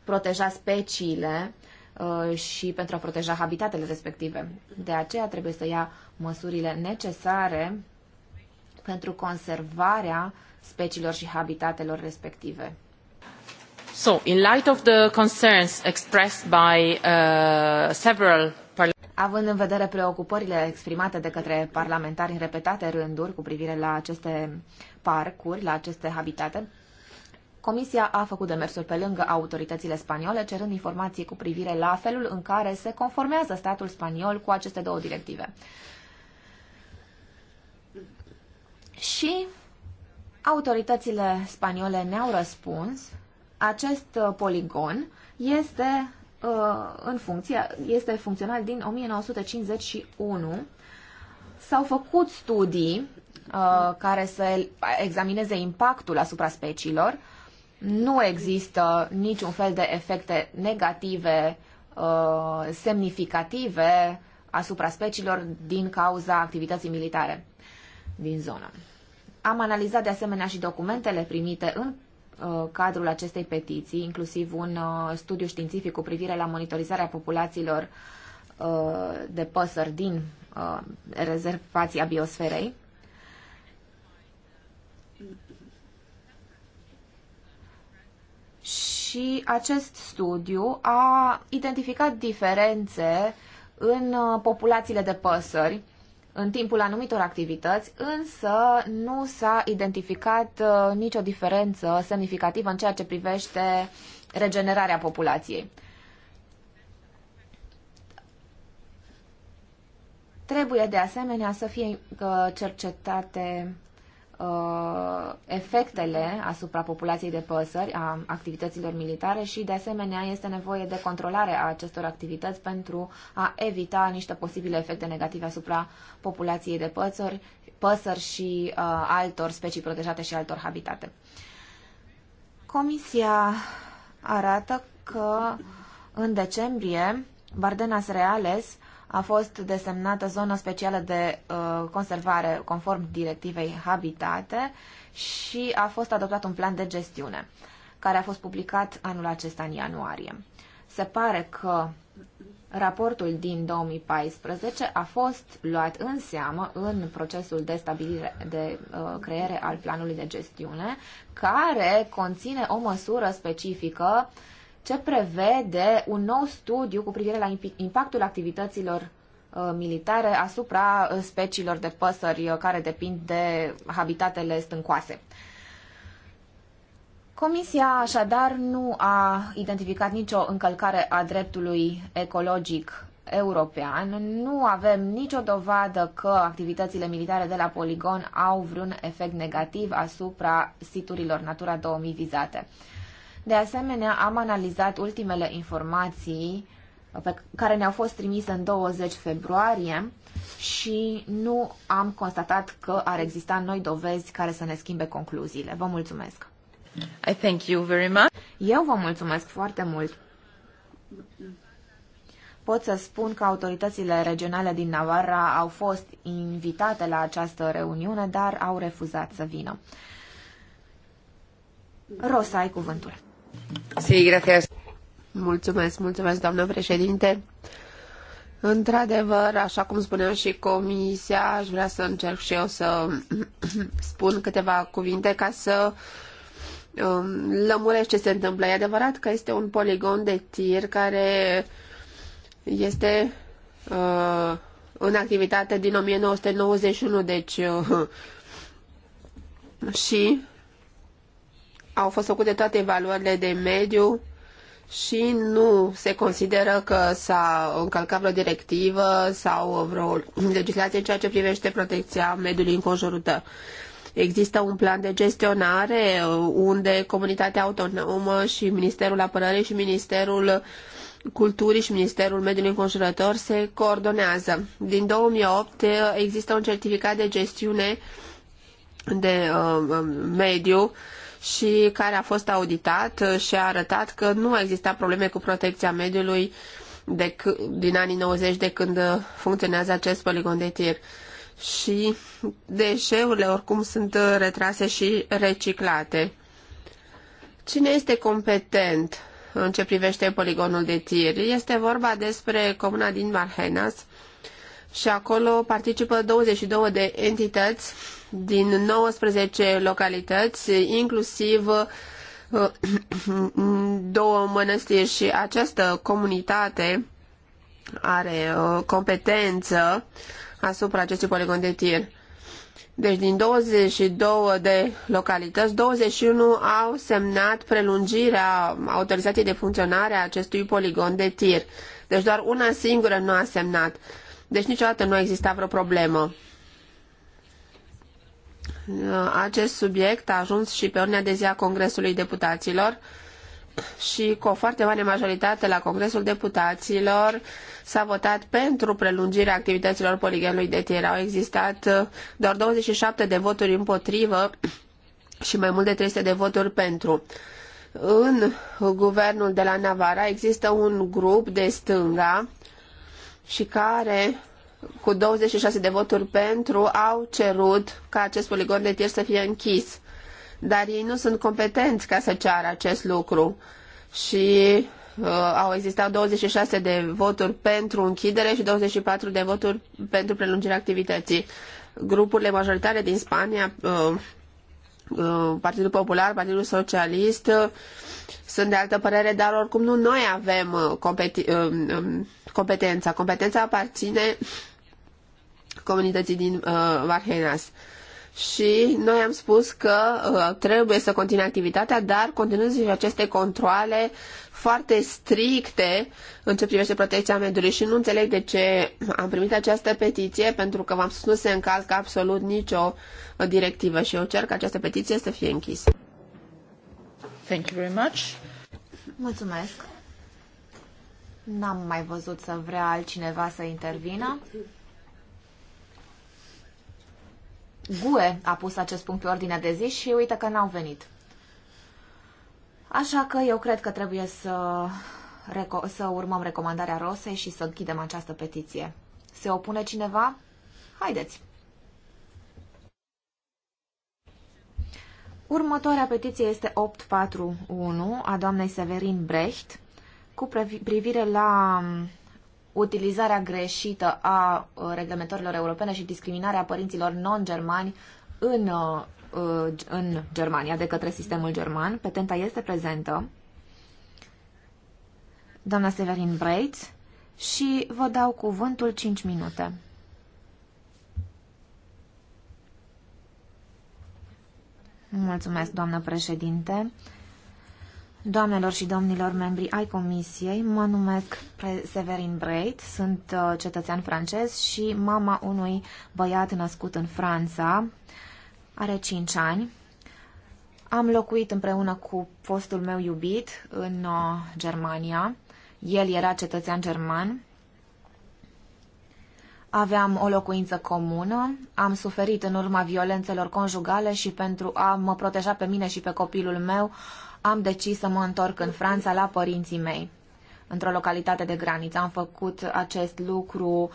proteja speciile uh, și pentru a proteja habitatele respective. De aceea trebuie să ia măsurile necesare pentru conservarea speciilor și habitatelor respective. So, in light of the concerns expressed by uh, several Având în vedere preocupările exprimate de către parlamentari în repetate rânduri cu privire la aceste parcuri, la aceste habitate, Comisia a făcut demersuri pe lângă autoritățile spaniole, cerând informații cu privire la felul în care se conformează statul spaniol cu aceste două directive. Și Autoritățile spaniole ne-au răspuns. Acest uh, poligon este uh, în funcție, este funcțional din 1951. S-au făcut studii uh, care să examineze impactul asupra speciilor. Nu există niciun fel de efecte negative uh, semnificative asupra speciilor din cauza activității militare din zonă. Am analizat de asemenea și documentele primite în uh, cadrul acestei petiții, inclusiv un uh, studiu științific cu privire la monitorizarea populațiilor uh, de păsări din rezervația biosferei. Și acest studiu a identificat diferențe în populațiile de păsări în timpul anumitor activități, însă nu s-a identificat uh, nicio diferență semnificativă în ceea ce privește regenerarea populației. Trebuie de asemenea să fie uh, cercetate Uh, efectele asupra populației de păsări, a activităților militare și, de asemenea, este nevoie de controlare a acestor activități pentru a evita niște posibile efecte negative asupra populației de păsări, păsări și uh, altor specii protejate și altor habitate. Comisia arată că în decembrie Bardenas Reales a fost desemnată zonă specială de uh, conservare conform directivei Habitate și a fost adoptat un plan de gestiune care a fost publicat anul acesta în ianuarie. Se pare că raportul din 2014 a fost luat în seamă în procesul de stabilire de uh, creare al planului de gestiune, care conține o măsură specifică ce prevede un nou studiu cu privire la impactul activităților Uh, militare asupra uh, speciilor de păsări uh, care depind de habitatele stâncoase. Comisia așadar nu a identificat nicio încălcare a dreptului ecologic european. Nu avem nicio dovadă că activitățile militare de la poligon au vreun efect negativ asupra siturilor Natura 2000 vizate. De asemenea, am analizat ultimele informații pe care ne-au fost trimise în 20 februarie și nu am constatat că ar exista noi dovezi care să ne schimbe concluziile. Vă mulțumesc! I thank you very much. Eu vă mulțumesc foarte mult! Pot să spun că autoritățile regionale din Navarra au fost invitate la această reuniune, dar au refuzat să vină. Rosa, ai cuvântul. Sí, gracias. Mulțumesc, mulțumesc, doamnă președinte. Într-adevăr, așa cum spunea și comisia, aș vrea să încerc și eu să spun câteva cuvinte ca să um, lămuresc ce se întâmplă. E adevărat că este un poligon de tir care este uh, în activitate din 1991, deci uh, și au fost făcute toate evaluările de mediu, și nu se consideră că s-a încălcat vreo directivă sau vreo legislație în ceea ce privește protecția mediului înconjurător. Există un plan de gestionare uh, unde comunitatea autonomă și Ministerul Apărării și Ministerul Culturii și Ministerul Mediului Înconjurător se coordonează. Din 2008 uh, există un certificat de gestiune de uh, uh mediu și care a fost auditat și a arătat că nu exista probleme cu protecția mediului de, din anii 90 de când funcționează acest poligon de tir. Și deșeurile oricum sunt retrase și reciclate. Cine este competent în ce privește poligonul de tir? Este vorba despre comuna din Marhenas și acolo participă 22 de entități din 19 localități, inclusiv uh, două mănăstiri și această comunitate are uh, competență asupra acestui poligon de tir. Deci din 22 de localități, 21 au semnat prelungirea autorizației de funcționare a acestui poligon de tir. Deci doar una singură nu a semnat. Deci niciodată nu a existat vreo problemă acest subiect a ajuns și pe ordinea de zi a Congresului Deputaților și cu o foarte mare majoritate la Congresul Deputaților s-a votat pentru prelungirea activităților poligonului de tir. Au existat uh, doar 27 de voturi împotrivă și mai mult de 300 de voturi pentru. În guvernul de la Navara există un grup de stânga și care cu 26 de voturi pentru, au cerut ca acest poligon de tir să fie închis. Dar ei nu sunt competenți ca să ceară acest lucru. Și uh, au existat 26 de voturi pentru închidere și 24 de voturi pentru prelungirea activității. Grupurile majoritare din Spania uh, uh Partidul Popular, Partidul Socialist uh, sunt de altă părere, dar oricum nu noi avem uh, competi- um, competența. Competența aparține comunității din uh, Varhenas. Și noi am spus că uh, trebuie să continue activitatea, dar continuând și aceste controle foarte stricte în ce privește protecția mediului și nu înțeleg de ce am primit această petiție, pentru că v-am spus nu se încalcă absolut nicio uh, directivă și eu cer ca această petiție să fie închisă. Thank you very much. Mulțumesc. N-am mai văzut să vrea altcineva să intervină. GUE a pus acest punct pe ordinea de zi și uite că n-au venit. Așa că eu cred că trebuie să, să urmăm recomandarea Rosei și să închidem această petiție. Se opune cineva? Haideți! Următoarea petiție este 841 a doamnei Severin Brecht cu privire la utilizarea greșită a uh, reglementărilor europene și discriminarea părinților non-germani în, uh, în Germania, de către sistemul german. Petenta este prezentă, doamna Severin Breitz și vă dau cuvântul 5 minute. Mulțumesc, doamnă președinte. Doamnelor și domnilor membri ai comisiei, mă numesc Severin Breit, sunt uh, cetățean francez și mama unui băiat născut în Franța, are 5 ani. Am locuit împreună cu fostul meu iubit în uh, Germania. El era cetățean german. Aveam o locuință comună, am suferit în urma violențelor conjugale și pentru a mă proteja pe mine și pe copilul meu, uh, am decis să mă întorc în Franța la părinții mei, într-o localitate de graniță. Am făcut acest lucru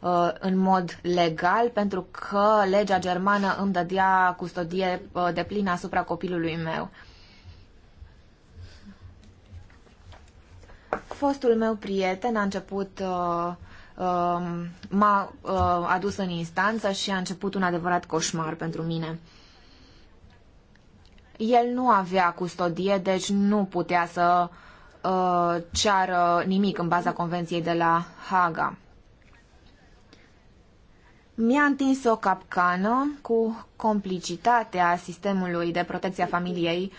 uh, în mod legal pentru că legea germană îmi dădea custodie uh, de plină asupra copilului meu. Fostul meu prieten a început uh, m-a adus în instanță și a început un adevărat coșmar pentru mine. El nu avea custodie, deci nu putea să uh, ceară nimic în baza convenției de la Haga. Mi-a întins o capcană cu complicitatea sistemului de protecție a familiei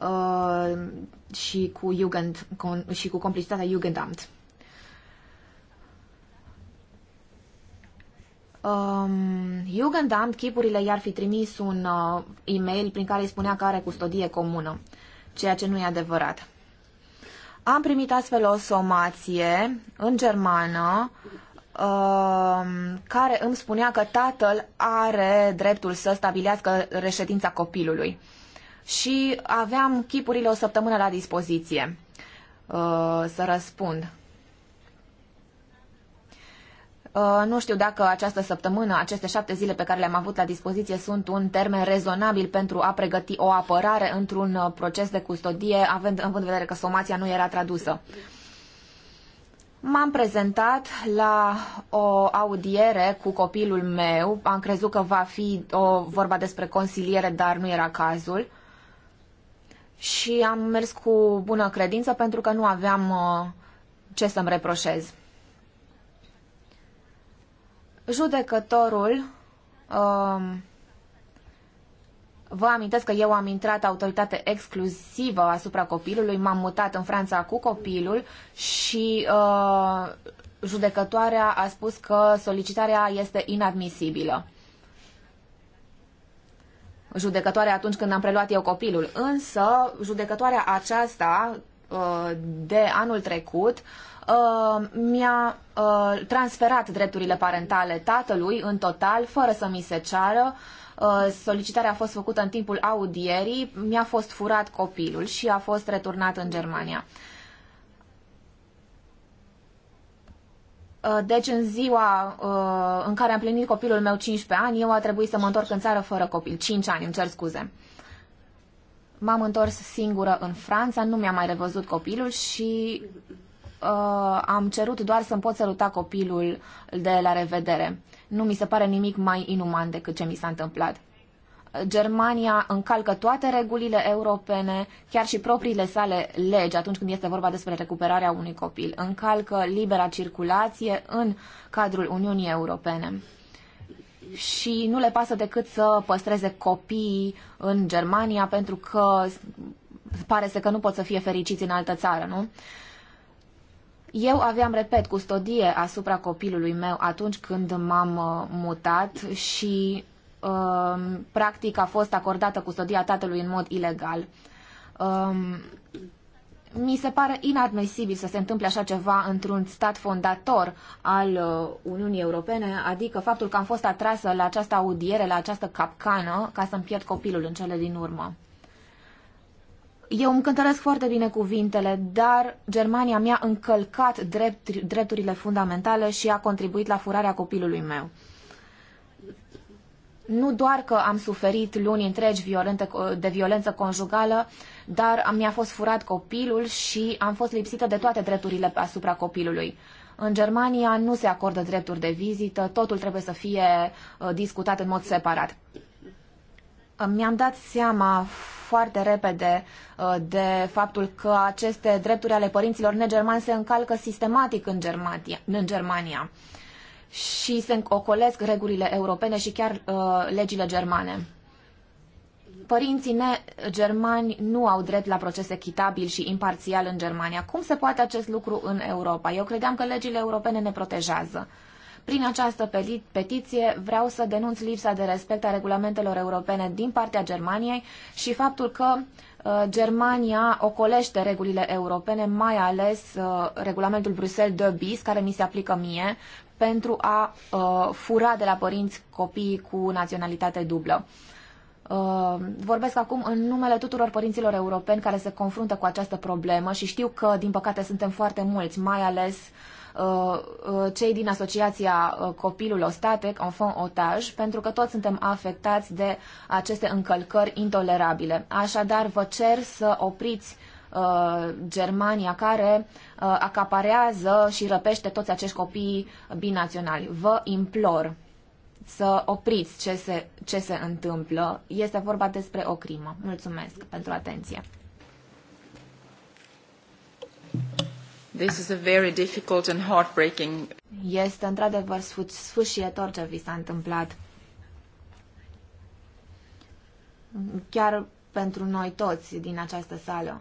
uh, și, cu Jugend, cu, și cu complicitatea Jugendamt. um, Jugendamt, chipurile i-ar fi trimis un uh, e-mail prin care îi spunea că are custodie comună, ceea ce nu e adevărat. Am primit astfel o somație în germană uh, care îmi spunea că tatăl are dreptul să stabilească reședința copilului și aveam chipurile o săptămână la dispoziție uh, să răspund. Uh, nu știu dacă această săptămână, aceste șapte zile pe care le-am avut la dispoziție sunt un termen rezonabil pentru a pregăti o apărare într-un uh, proces de custodie, având în vedere că somația nu era tradusă. M-am prezentat la o audiere cu copilul meu. Am crezut că va fi o vorba despre consiliere, dar nu era cazul. Și am mers cu bună credință pentru că nu aveam uh, ce să-mi reproșez judecătorul, um, vă amintesc că eu am intrat autoritate exclusivă asupra copilului, m-am mutat în Franța cu copilul și uh, judecătoarea a spus că solicitarea este inadmisibilă. Judecătoarea atunci când am preluat eu copilul. Însă, judecătoarea aceasta uh, de anul trecut uh, uh, mi-a uh, transferat drepturile parentale tatălui în total, fără să mi se ceară. Uh, solicitarea a fost făcută în timpul audierii, mi-a fost furat copilul și a fost returnat în Germania. Uh, deci în ziua uh, în care am plinit copilul meu 15 ani, eu a trebuit să mă întorc în țară fără copil. 5 ani, îmi cer scuze. M-am întors singură în Franța, nu mi-am mai revăzut copilul și uh, am cerut doar să-mi pot săruta copilul de la revedere. Nu mi se pare nimic mai inuman decât ce mi s-a întâmplat. Germania încalcă toate regulile europene, chiar și propriile sale legi atunci când este vorba despre recuperarea unui copil. Încalcă libera circulație în cadrul Uniunii Europene. Și nu le pasă decât să păstreze copiii în Germania pentru că pare să că nu pot să fie fericiți în altă țară, nu? Uh, eu aveam, repet, custodie asupra copilului meu atunci când m-am uh, mutat și um, practic a fost acordată custodia tatălui în mod ilegal. Um, mi se pare inadmisibil să se întâmple așa ceva într-un stat fondator al uh, Uniunii Europene, adică faptul că am fost atrasă la această audiere, la această capcană, ca să-mi pierd copilul în cele din urmă eu îmi cântăresc foarte bine cuvintele, dar Germania mi-a încălcat drept, drepturile fundamentale și a contribuit la furarea copilului meu. Nu doar că am suferit luni întregi violente, de violență conjugală, dar mi-a fost furat copilul și am fost lipsită de toate drepturile asupra copilului. În Germania nu se acordă drepturi de vizită, totul trebuie să fie uh, discutat în mod separat. Mi-am dat seama foarte repede uh, de faptul că aceste drepturi ale părinților negermani se încalcă sistematic în Germania. În Germania și se ocolesc regulile europene și chiar uh, legile germane. Părinții germani nu au drept la proces echitabil și imparțial în Germania. Cum se poate acest lucru în Europa? Eu credeam că legile europene ne protejează. Uh, prin această petiție vreau să denunț lipsa de respect a regulamentelor europene din partea Germaniei și faptul că uh, Germania ocolește regulile europene, mai ales uh, regulamentul Bruxelles 2 bis, care mi se aplică mie, pentru a uh, fura de la părinți copiii cu naționalitate dublă. vorbesc acum în numele tuturor părinților europeni care se confruntă cu această problemă și știu că, din păcate, suntem foarte mulți, mai ales uh, Uh, uh, cei din Asociația uh, Copilul Ostatec, Enfant Otaj, pentru că toți suntem afectați de aceste încălcări intolerabile. Așadar, vă cer să opriți Germania care acaparează și răpește toți acești copii binaționali. Vă implor să opriți ce se, ce se întâmplă. Este vorba despre o crimă. Mulțumesc pentru atenție. This is a very difficult and heartbreaking. Este într-adevăr sfâșietor ce vi s-a întâmplat. Chiar pentru noi toți din această sală.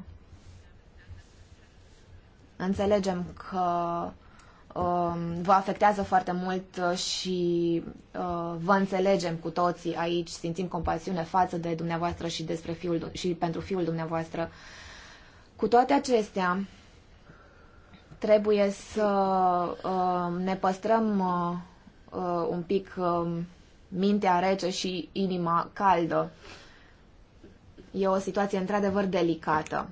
Înțelegem că uh, vă afectează foarte mult uh, și uh, vă înțelegem cu toții aici, simțim compasiune față de dumneavoastră și, despre fiul, și pentru fiul dumneavoastră. Cu toate acestea, trebuie să uh, ne păstrăm uh, uh, un pic um, mintea rece și inima caldă. E o situație într-adevăr delicată.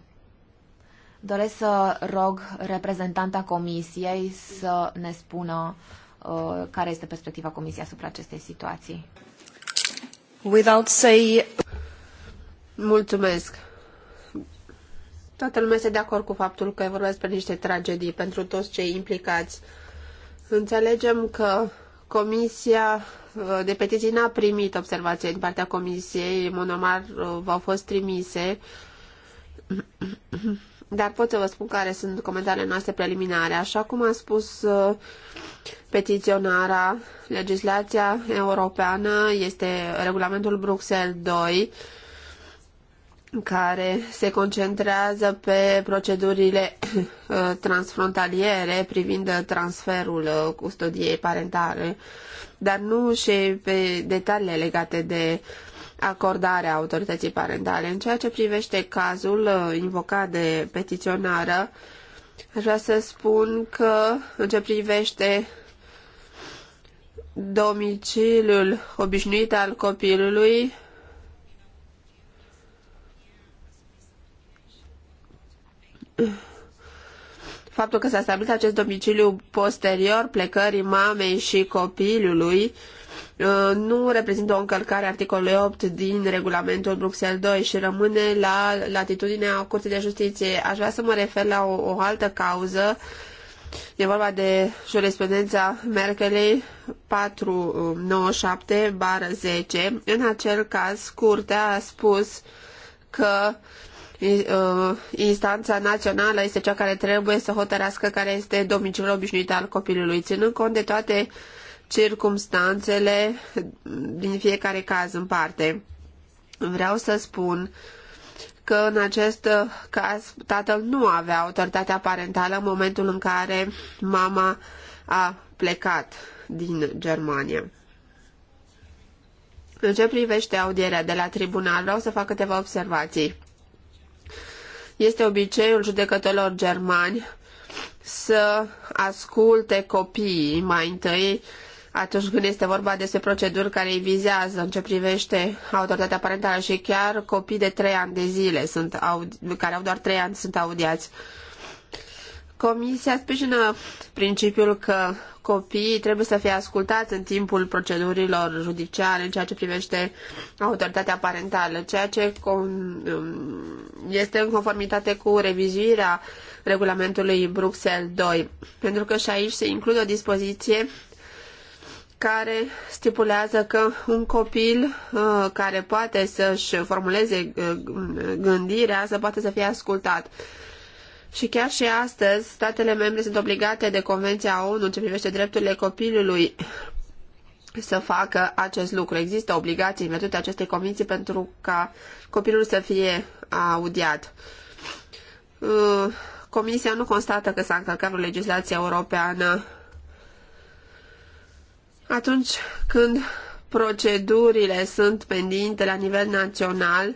Doresc să rog reprezentanta comisiei să ne spună uh, care este perspectiva comisiei asupra acestei situații. Without say... Mulțumesc. Toată lumea este de acord cu faptul că vorbesc despre niște tragedii pentru toți cei implicați. Înțelegem că Comisia uh, de petiții n-a primit observații din partea Comisiei, în mod normal uh, v-au fost trimise, dar pot să vă spun care sunt comentariile noastre preliminare. Așa cum a spus uh, petiționara, legislația europeană este regulamentul Bruxelles 2, care se concentrează pe procedurile uh, transfrontaliere privind uh, transferul uh, custodiei parentale, dar nu și pe detaliile legate de acordarea autorității parentale. În ceea ce privește cazul invocat de petiționară, aș vrea să spun că în ce privește domiciliul obișnuit al copilului, faptul că s-a stabilit acest domiciliu posterior plecării mamei și copilului uh, nu reprezintă o încălcare a articolului 8 din regulamentul Bruxelles 2 și rămâne la latitudinea Curții de Justiție. Aș vrea să mă refer la o, o altă cauză. E vorba de jurisprudența Merkelei 497 bar 10. În acel caz, curtea a spus că Uh, instanța națională este cea care trebuie să hotărească care este domiciliul obișnuit al copilului, ținând cont de toate circumstanțele din fiecare caz în parte. Vreau să spun că în acest caz tatăl nu avea autoritatea parentală în momentul în care mama a plecat din Germania. În ce privește audierea de la tribunal, vreau să fac câteva observații. Este obiceiul judecătorilor germani să asculte copiii mai întâi atunci când este vorba despre proceduri care îi vizează în ce privește autoritatea parentală și chiar copii de trei ani de zile sunt care au doar trei ani sunt audiați. Uh, Comisia sprijină principiul că copiii trebuie să fie ascultați în timpul procedurilor judiciare în ceea ce privește autoritatea parentală, ceea ce um, este în conformitate cu revizuirea regulamentului Bruxelles II, pentru că și aici se include o dispoziție care stipulează că un copil uh, care poate să-și formuleze uh, gândirea să poate să fie ascultat și chiar și astăzi, statele membre sunt obligate de Convenția ONU ce privește drepturile copilului să facă acest lucru. Există obligații în toate aceste convenții pentru ca copilul să fie audiat. Uh, Comisia nu constată că s-a încălcat legislația europeană atunci când procedurile sunt pendinte la nivel național,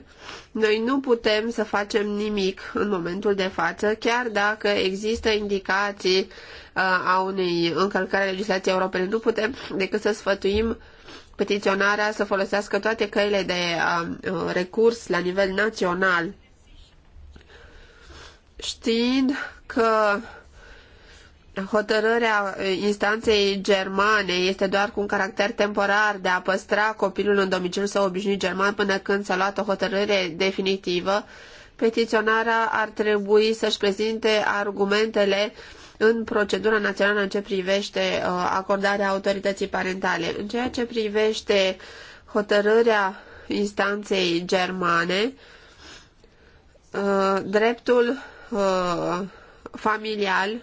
noi nu putem să facem nimic în momentul de față, chiar dacă există indicații uh, a unei încălcări a legislației europene. Nu putem decât să sfătuim petiționarea să folosească toate căile de uh, uh, recurs la nivel național, știind că hotărârea instanței germane este doar cu un caracter temporar de a păstra copilul în domiciliul său obișnuit german până când s-a luat o hotărâre definitivă, petiționarea ar trebui să-și prezinte argumentele în procedura națională în ce privește acordarea autorității parentale. În ceea ce privește hotărârea instanței germane, dreptul familial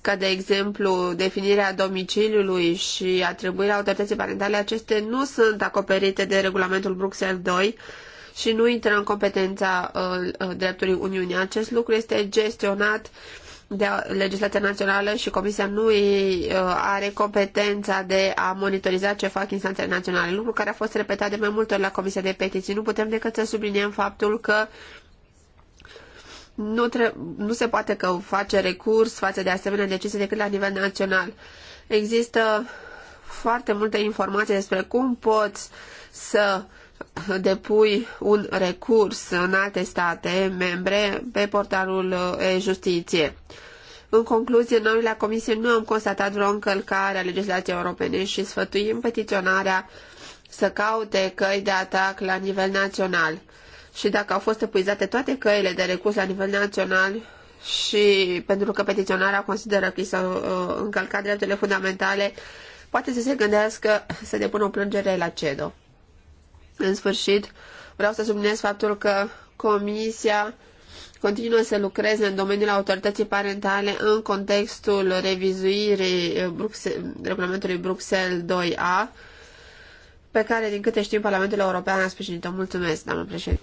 că, de exemplu, definirea domiciliului și atribuirea autorității parentale, aceste nu sunt acoperite de regulamentul Bruxelles II și nu intră în competența uh, uh, dreptului Uniunii. Acest lucru este gestionat de legislația națională și Comisia nu uh, are competența de a monitoriza ce fac instanțele naționale, lucru care a fost repetat de mai multe ori la Comisia de Petiții. Nu putem decât să subliniem faptul că uh, nu, nu se poate că face recurs față de asemenea decizii decât la nivel național. Există foarte multe informații despre cum poți să depui un recurs în alte state membre pe portalul e-justiție. În concluzie, noi la Comisie nu am constatat vreo încălcare a legislației europene și sfătuim petiționarea să caute căi de atac la nivel național și dacă au fost epuizate toate căile de recurs la nivel național și pentru că petiționarea consideră că i s-au uh, încălcat drepturile fundamentale, poate să se gândească să depună o plângere la CEDO. În sfârșit, vreau să subliniez faptul că Comisia continuă să lucreze în domeniul autorității parentale în contextul revizuirii uh, Bruxelles, regulamentului Bruxelles 2A, pe care, din câte știm, Parlamentul European a sprijinit-o. Mulțumesc, doamnă președinte.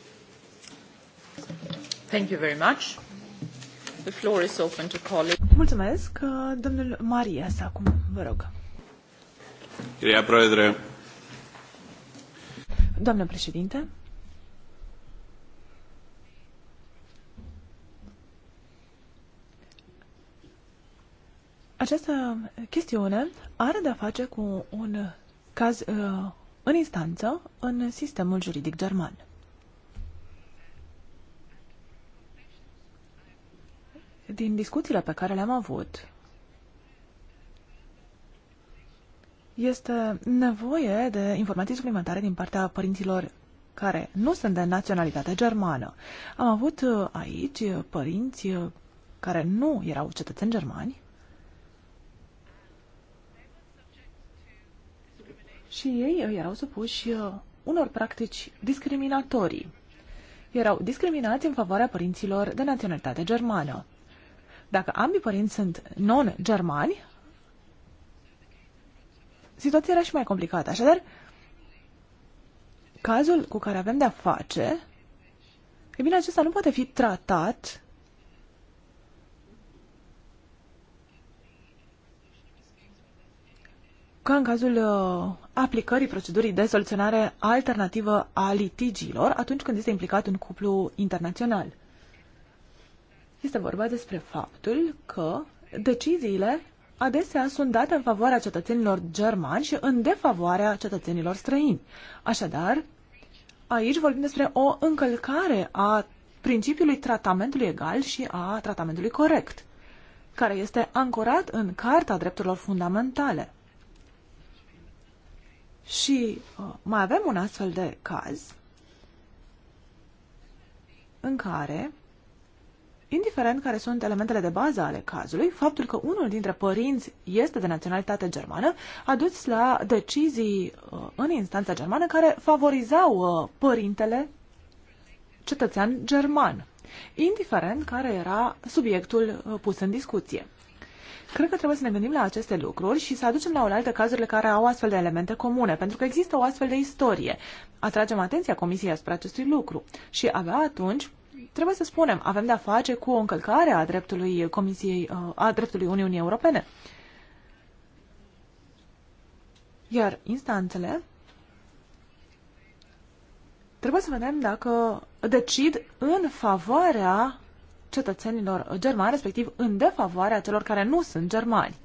Mulțumesc. Domnul acum, Doamnă președinte, această chestiune are de-a face cu un caz uh, în instanță în sistemul juridic german. Din discuțiile pe care le-am avut, este nevoie de informații suplimentare din partea părinților care nu sunt de naționalitate germană. Am avut uh, aici părinți uh, care nu erau cetățeni germani și ei erau supuși uh, unor practici discriminatorii. Erau discriminați în favoarea părinților de naționalitate germană. Dacă ambii părinți sunt non-germani, situația era și mai complicată. Așadar, cazul cu care avem de-a face, e bine, acesta nu poate fi tratat ca în cazul uh, aplicării procedurii de soluționare alternativă a litigiilor atunci când este implicat un cuplu internațional. Este vorba despre faptul că deciziile adesea sunt date în favoarea cetățenilor germani și în defavoarea cetățenilor străini. Așadar, aici vorbim despre o încălcare a principiului tratamentului egal și a tratamentului corect, care este ancorat în Carta Drepturilor Fundamentale. Și uh, mai avem un astfel de caz în care indiferent care sunt elementele de bază ale cazului, faptul că unul dintre părinți este de naționalitate germană a dus la decizii uh, în instanța germană care favorizau uh, părintele cetățean german, indiferent care era subiectul uh, pus în discuție. Cred că trebuie să ne gândim la aceste lucruri și să aducem la oaltă cazurile care au astfel de elemente comune, pentru că există o astfel de istorie. Atragem atenția Comisiei asupra acestui lucru și abia atunci trebuie să spunem, avem de-a face cu o încălcare a dreptului Comisiei, uh, a dreptului Uniunii Europene. Iar instanțele trebuie să vedem dacă decid în favoarea cetățenilor germani, respectiv în defavoarea celor care nu sunt germani.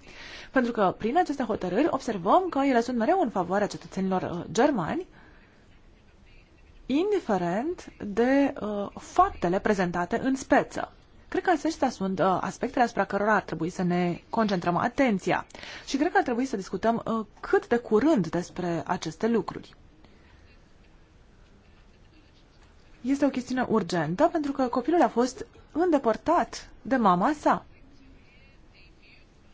Pentru că prin aceste hotărâri observăm că ele sunt mereu în favoarea cetățenilor uh, germani, indiferent de uh, faptele prezentate în speță. Cred că acestea sunt uh, aspectele asupra cărora ar trebui să ne concentrăm atenția și cred că ar trebui să discutăm uh, cât de curând despre aceste lucruri. Este o chestiune urgentă pentru că copilul a fost îndepărtat de mama sa.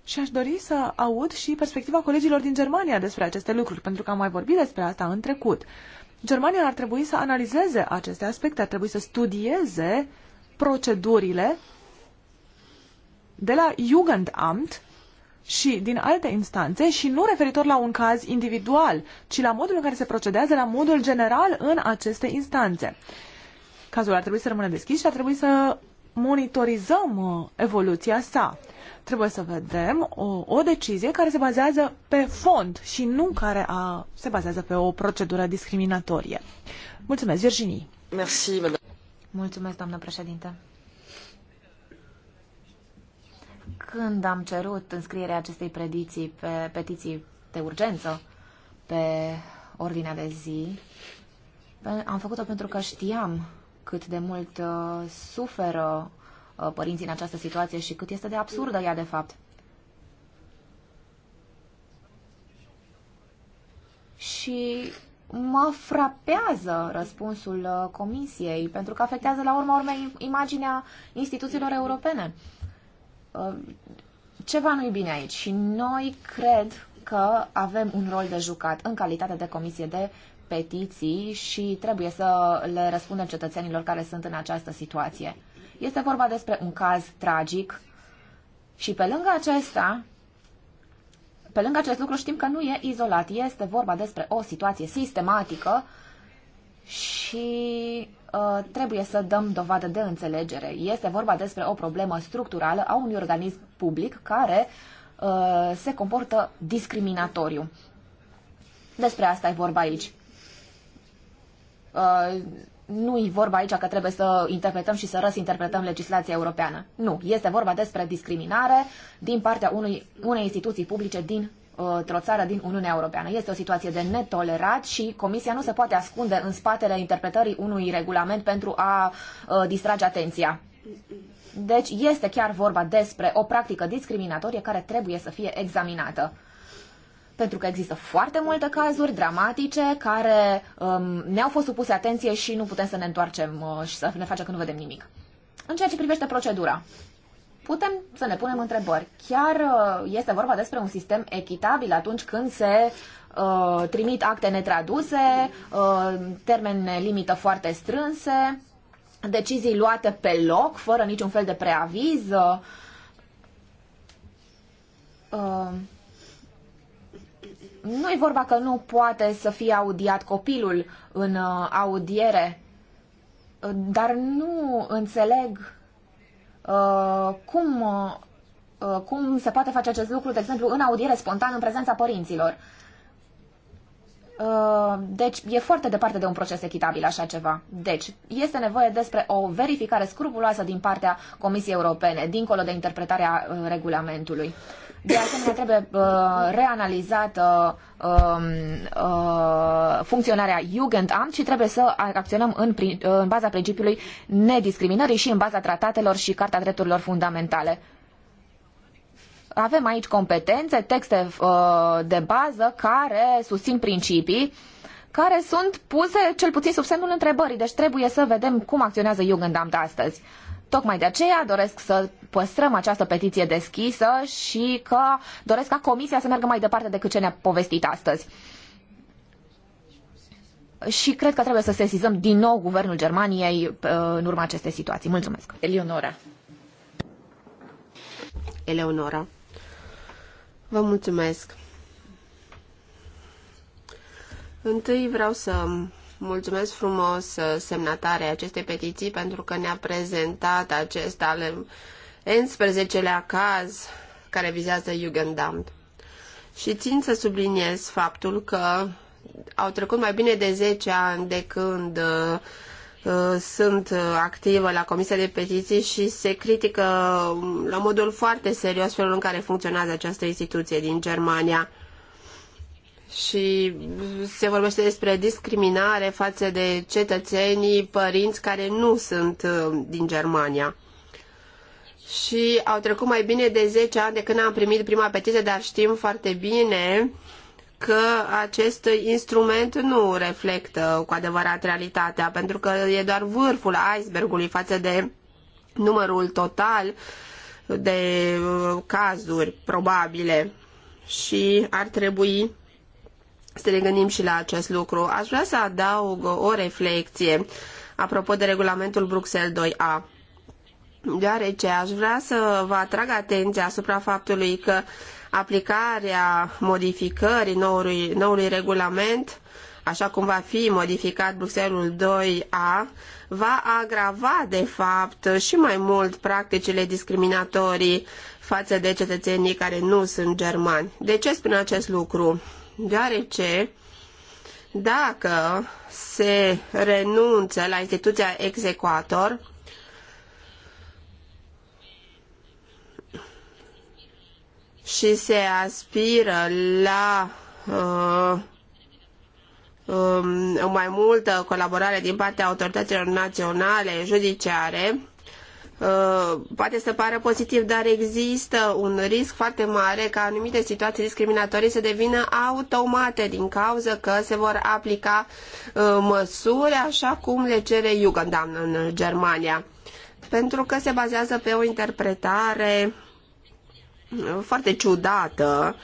Și aș dori să aud și perspectiva colegilor din Germania despre aceste lucruri, pentru că am mai vorbit despre asta în trecut. Germania ar trebui să analizeze aceste aspecte, ar trebui să studieze procedurile de la Jugendamt și din alte instanțe și nu referitor la un caz individual, ci la modul în care se procedează la modul general în aceste instanțe. Cazul ar trebui să rămână deschis și ar trebui să monitorizăm uh, evoluția sa. Trebuie să vedem o, uh, o decizie care se bazează pe fond și nu care a, se bazează pe o procedură discriminatorie. Mulțumesc, Virginie. Merci, Mulțumesc, doamnă președinte. Când am cerut înscrierea acestei prediții pe petiții de urgență pe ordinea de zi, am făcut-o pentru că știam cât de mult uh, suferă uh, părinții în această situație și cât este de absurdă ea, de fapt. Și mă frapează răspunsul uh, Comisiei, pentru că afectează la urma urmei imaginea instituțiilor europene. Uh, ceva nu-i bine aici și noi cred că avem un rol de jucat în calitate de Comisie de petiții și trebuie să le răspundem cetățenilor care sunt în această situație. Este vorba despre un caz tragic și pe lângă acesta, pe lângă acest lucru știm că nu e izolat, este vorba despre o situație sistematică și uh, trebuie să dăm dovadă de înțelegere. Este vorba despre o problemă structurală a unui organism public care uh, se comportă discriminatoriu. Despre asta e vorba aici. Uh, nu e vorba aici că trebuie să interpretăm și să răsinterpretăm legislația europeană. Nu, este vorba despre discriminare din partea unui, unei instituții publice din uh, o țară din Uniunea Europeană. Este o situație de netolerat și Comisia nu se poate ascunde în spatele interpretării unui regulament pentru a uh, distrage atenția. Deci este chiar vorba despre o practică discriminatorie care trebuie să fie examinată pentru că există foarte multe cazuri dramatice care um, ne-au fost supuse atenție și nu putem să ne întoarcem uh, și să ne facem că nu vedem nimic. În ceea ce privește procedura, putem să ne punem întrebări. Chiar uh, este vorba despre un sistem echitabil atunci când se uh, trimit acte netraduse, uh, termene limită foarte strânse, decizii luate pe loc, fără niciun fel de preaviz. Uh, uh, nu e vorba că nu poate să fie audiat copilul în uh, audiere, dar nu înțeleg uh, cum, uh, uh, cum se poate face acest lucru, de exemplu, în audiere spontan, în prezența părinților. Uh, deci e foarte departe de un proces echitabil așa ceva. Deci este nevoie despre o verificare scrupuloasă din partea Comisiei Europene, dincolo de interpretarea regulamentului. De asemenea, trebuie uh, reanalizată uh, uh, funcționarea Jugendamt și trebuie să acționăm în, uh, în baza principiului nediscriminării și în baza tratatelor și Carta Drepturilor Fundamentale. Avem aici competențe, texte uh, de bază care susțin principii care sunt puse cel puțin sub semnul întrebării. Deci trebuie să vedem cum acționează Jugendamt astăzi. Uh, Tocmai de aceea doresc să păstrăm această petiție deschisă și că doresc ca Comisia să meargă mai departe decât ce ne-a povestit astăzi. Și cred că trebuie să sesizăm din nou Guvernul Germaniei uh, în urma acestei situații. Mulțumesc. Eleonora. Eleonora. Vă mulțumesc. Întâi vreau să Mulțumesc frumos uh, semnatarea acestei petiții pentru că ne-a prezentat acest al 11-lea caz care vizează Jugendamt. Și țin să subliniez faptul că au trecut mai bine de 10 ani de când uh, uh, sunt activă la Comisia de Petiții și se critică um, la modul foarte serios felul în care funcționează această instituție din Germania și se vorbește despre discriminare față de cetățenii, părinți care nu sunt uh, din Germania. Și au trecut mai bine de 10 ani de când am primit prima petiție, dar știm foarte bine că acest instrument nu reflectă cu adevărat realitatea, pentru că e doar vârful icebergului față de numărul total de uh, cazuri probabile și ar trebui să ne gândim și la acest lucru. Aș vrea să adaug o reflexie apropo de regulamentul Bruxelles 2A deoarece aș vrea să vă atrag atenția asupra faptului că aplicarea modificării noului, noului regulament, așa cum va fi modificat Bruxelles 2A, va agrava, de fapt, și mai mult practicile discriminatorii față de cetățenii care nu sunt germani. De ce spun acest lucru? deoarece dacă se renunță la instituția execuator, și se aspiră la uh, um, mai multă colaborare din partea autorităților naționale judiciare, Uh, poate să pară pozitiv, dar există un risc foarte mare ca anumite situații discriminatorii să devină automate din cauza că se vor aplica uh, măsuri așa cum le cere Jugendamt în Germania. Pentru că se bazează pe o interpretare uh, foarte ciudată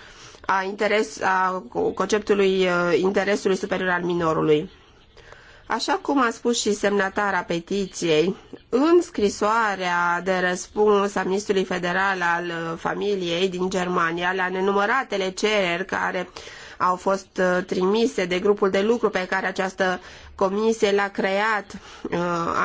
a, interes, a conceptului interesului superior al minorului. Așa cum a spus și semnatara petiției, în scrisoarea de răspuns a Ministrului Federal al uh, Familiei din Germania la nenumăratele cereri care au fost uh, trimise de grupul de lucru pe care această comisie l-a creat uh,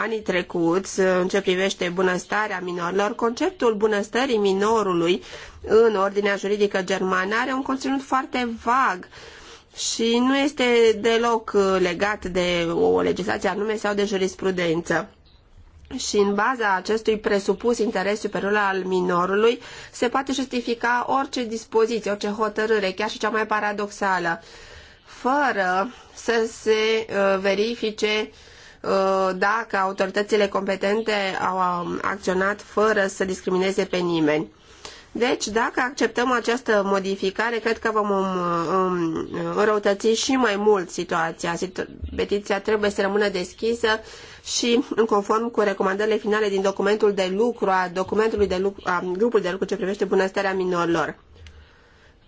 anii trecuți uh, în ce privește bunăstarea minorilor, conceptul bunăstării minorului în ordinea juridică germană are un conținut foarte vag și nu este deloc uh, legat de o legislație anume sau de jurisprudență. Și în baza acestui presupus interes superior al minorului se poate justifica orice dispoziție, orice hotărâre, chiar și cea mai paradoxală, fără să se uh, verifice uh, dacă autoritățile competente au um, acționat fără să discrimineze pe nimeni. Deci, dacă acceptăm această modificare, cred că vom um, um, înrăutăți și mai mult situația. Petiția trebuie să rămână deschisă și în conform cu recomandările finale din documentul de lucru, a documentului de lucru, a grupului de lucru ce privește bunăstarea minorilor.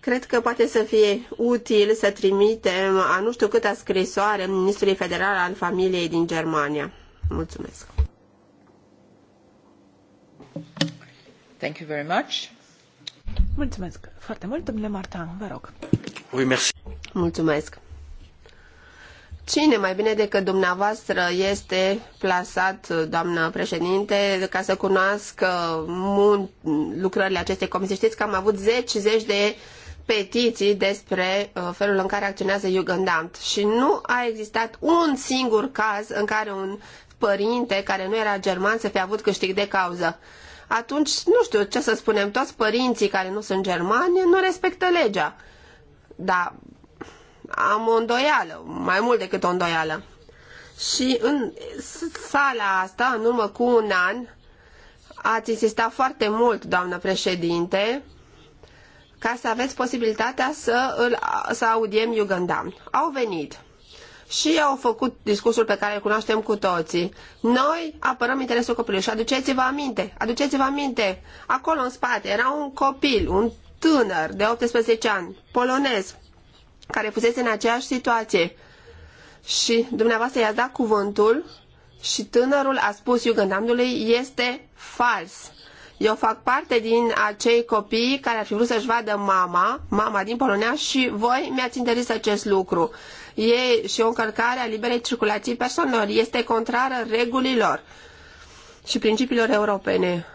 Cred că poate să fie util să trimitem a nu știu câta scrisoare Ministrului Federal al Familiei din Germania. Mulțumesc! Thank you very much. Mulțumesc foarte mult, domnule Martin, vă rog. Oui, merci. Mulțumesc. Cine mai bine decât dumneavoastră este plasat, doamnă președinte, ca să cunoască lucrările acestei comisii? Știți că am avut zeci, zeci de petiții despre uh, felul în care acționează Jugendamt și nu a existat un singur caz în care un părinte care nu era german să fi avut câștig de cauză atunci nu știu ce să spunem, toți părinții care nu sunt germani nu respectă legea. Da, am o îndoială, mai mult decât o îndoială. Și în sala asta, în urmă cu un an, ați insistat foarte mult, doamnă președinte, ca să aveți posibilitatea să, îl, să audiem Iugandam. Au venit și au făcut discursul pe care îl cunoaștem cu toții. Noi apărăm interesul copilului și aduceți-vă aminte, aduceți-vă aminte, acolo în spate era un copil, un tânăr de 18 ani, polonez, care fusese în aceeași situație. Și dumneavoastră i-ați dat cuvântul și tânărul a spus Iugandamdului este fals. Eu fac parte din acei copii care ar fi vrut să-și vadă mama, mama din Polonia și voi mi-ați interzis acest lucru e și o încălcare a liberei circulații persoanelor. Este contrară regulilor și principiilor europene.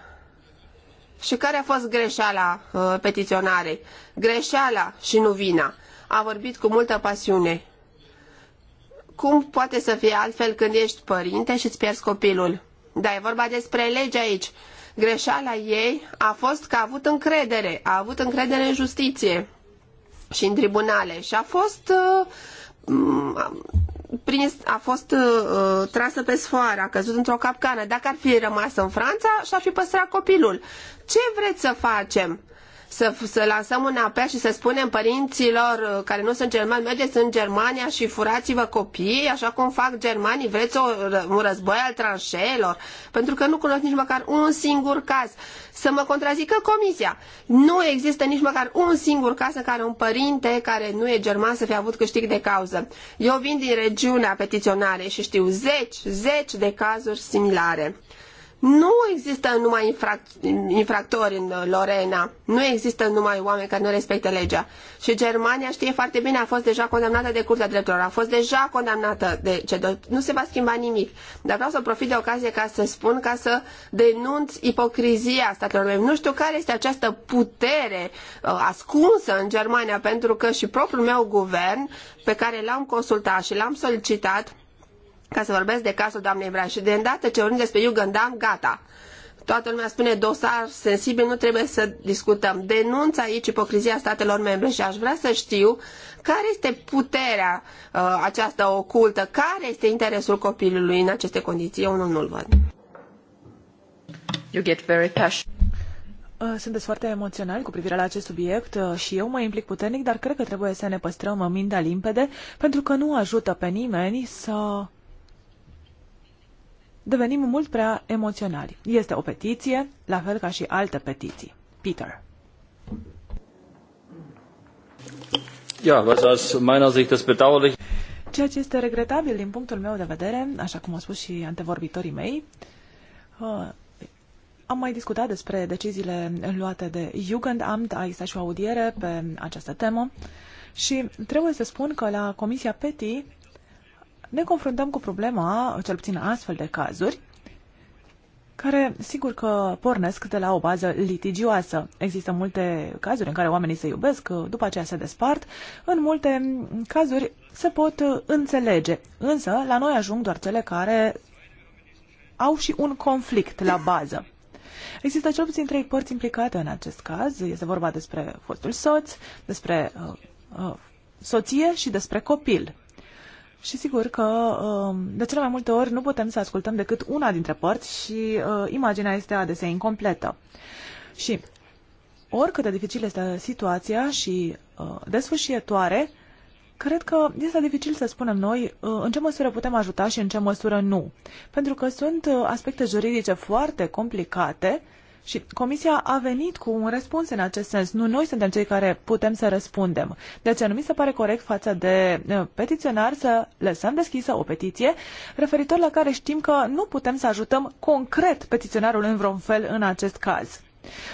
Și care a fost greșeala uh, petiționarei? Greșeala și nu vina. A vorbit cu multă pasiune. Cum poate să fie altfel când ești părinte și îți pierzi copilul? Da, e vorba despre lege aici. Greșeala ei a fost că a avut încredere, a avut încredere în justiție și în tribunale și a fost uh, prins, a fost uh, trasă pe sfoară, a căzut într-o capcană. Dacă ar fi rămas în Franța, și-ar fi păstrat copilul. Ce vreți să facem? să, să lansăm un apel și să spunem părinților uh, care nu sunt germani, mergeți în Germania și furați-vă copiii, așa cum fac germanii, vreți o, un război al tranșeelor? Pentru că nu cunosc nici măcar un singur caz. Să mă contrazică comisia. Nu există nici măcar un singur caz în care un părinte care nu e german să fi avut câștig de cauză. Eu vin din regiunea petiționare și știu zeci, zeci de cazuri similare. Nu există numai infrac- infractori în Lorena, nu există numai oameni care nu respectă legea. Și Germania știe foarte bine, a fost deja condamnată de Curtea Drepturilor, a fost deja condamnată de CEDO. Nu se va schimba nimic. Dar vreau să profit de ocazie ca să spun, ca să denunț ipocrizia statelor membre. Nu știu care este această putere uh, ascunsă în Germania, pentru că și propriul meu guvern, pe care l-am consultat și l-am solicitat, ca să vorbesc de cazul doamnei Vrea. și de îndată ce vorbim despre Jugendam, gata. Toată lumea spune dosar sensibil, nu trebuie să discutăm. Denunț aici ipocrizia statelor membre și aș vrea să știu care este puterea uh, aceasta ocultă, care este interesul copilului în aceste condiții. Eu unul nu-l văd. You get very passionate. Uh, sunteți foarte emoțional cu privire la acest subiect uh, și eu mă implic puternic, dar cred că trebuie să ne păstrăm mintea limpede pentru că nu ajută pe nimeni să devenim mult prea emoționali. Este o petiție, la fel ca și alte petiții. Peter. Ja, was aus meiner Sicht das bedauerlich. Ceea ce este regretabil din punctul meu de vedere, așa cum au spus și antevorbitorii mei, uh, am mai discutat despre deciziile luate de Jugendamt, a existat și o audiere pe această temă și trebuie să spun că la Comisia PETI ne confruntăm cu problema, cel puțin astfel de cazuri, care sigur că pornesc de la o bază litigioasă. Există multe cazuri în care oamenii se iubesc, după aceea se despart. În multe cazuri se pot înțelege, însă la noi ajung doar cele care au și un conflict la bază. Există cel puțin trei părți implicate în acest caz. Este vorba despre fostul soț, despre uh, uh, soție și despre copil. Și sigur că um, de cele mai multe ori nu putem să ascultăm decât una dintre părți și uh, imaginea este adesea incompletă. Și oricât de dificilă este situația și uh, desfășietoare, cred că este dificil să spunem noi uh, în ce măsură putem ajuta și în ce măsură nu. Pentru că sunt aspecte juridice foarte complicate și Comisia a venit cu un răspuns în acest sens. Nu noi suntem cei care putem să răspundem. De ce nu mi se pare corect față de uh, petiționar să lăsăm deschisă o petiție referitor la care știm că nu putem să ajutăm concret petiționarul în vreun fel în acest caz.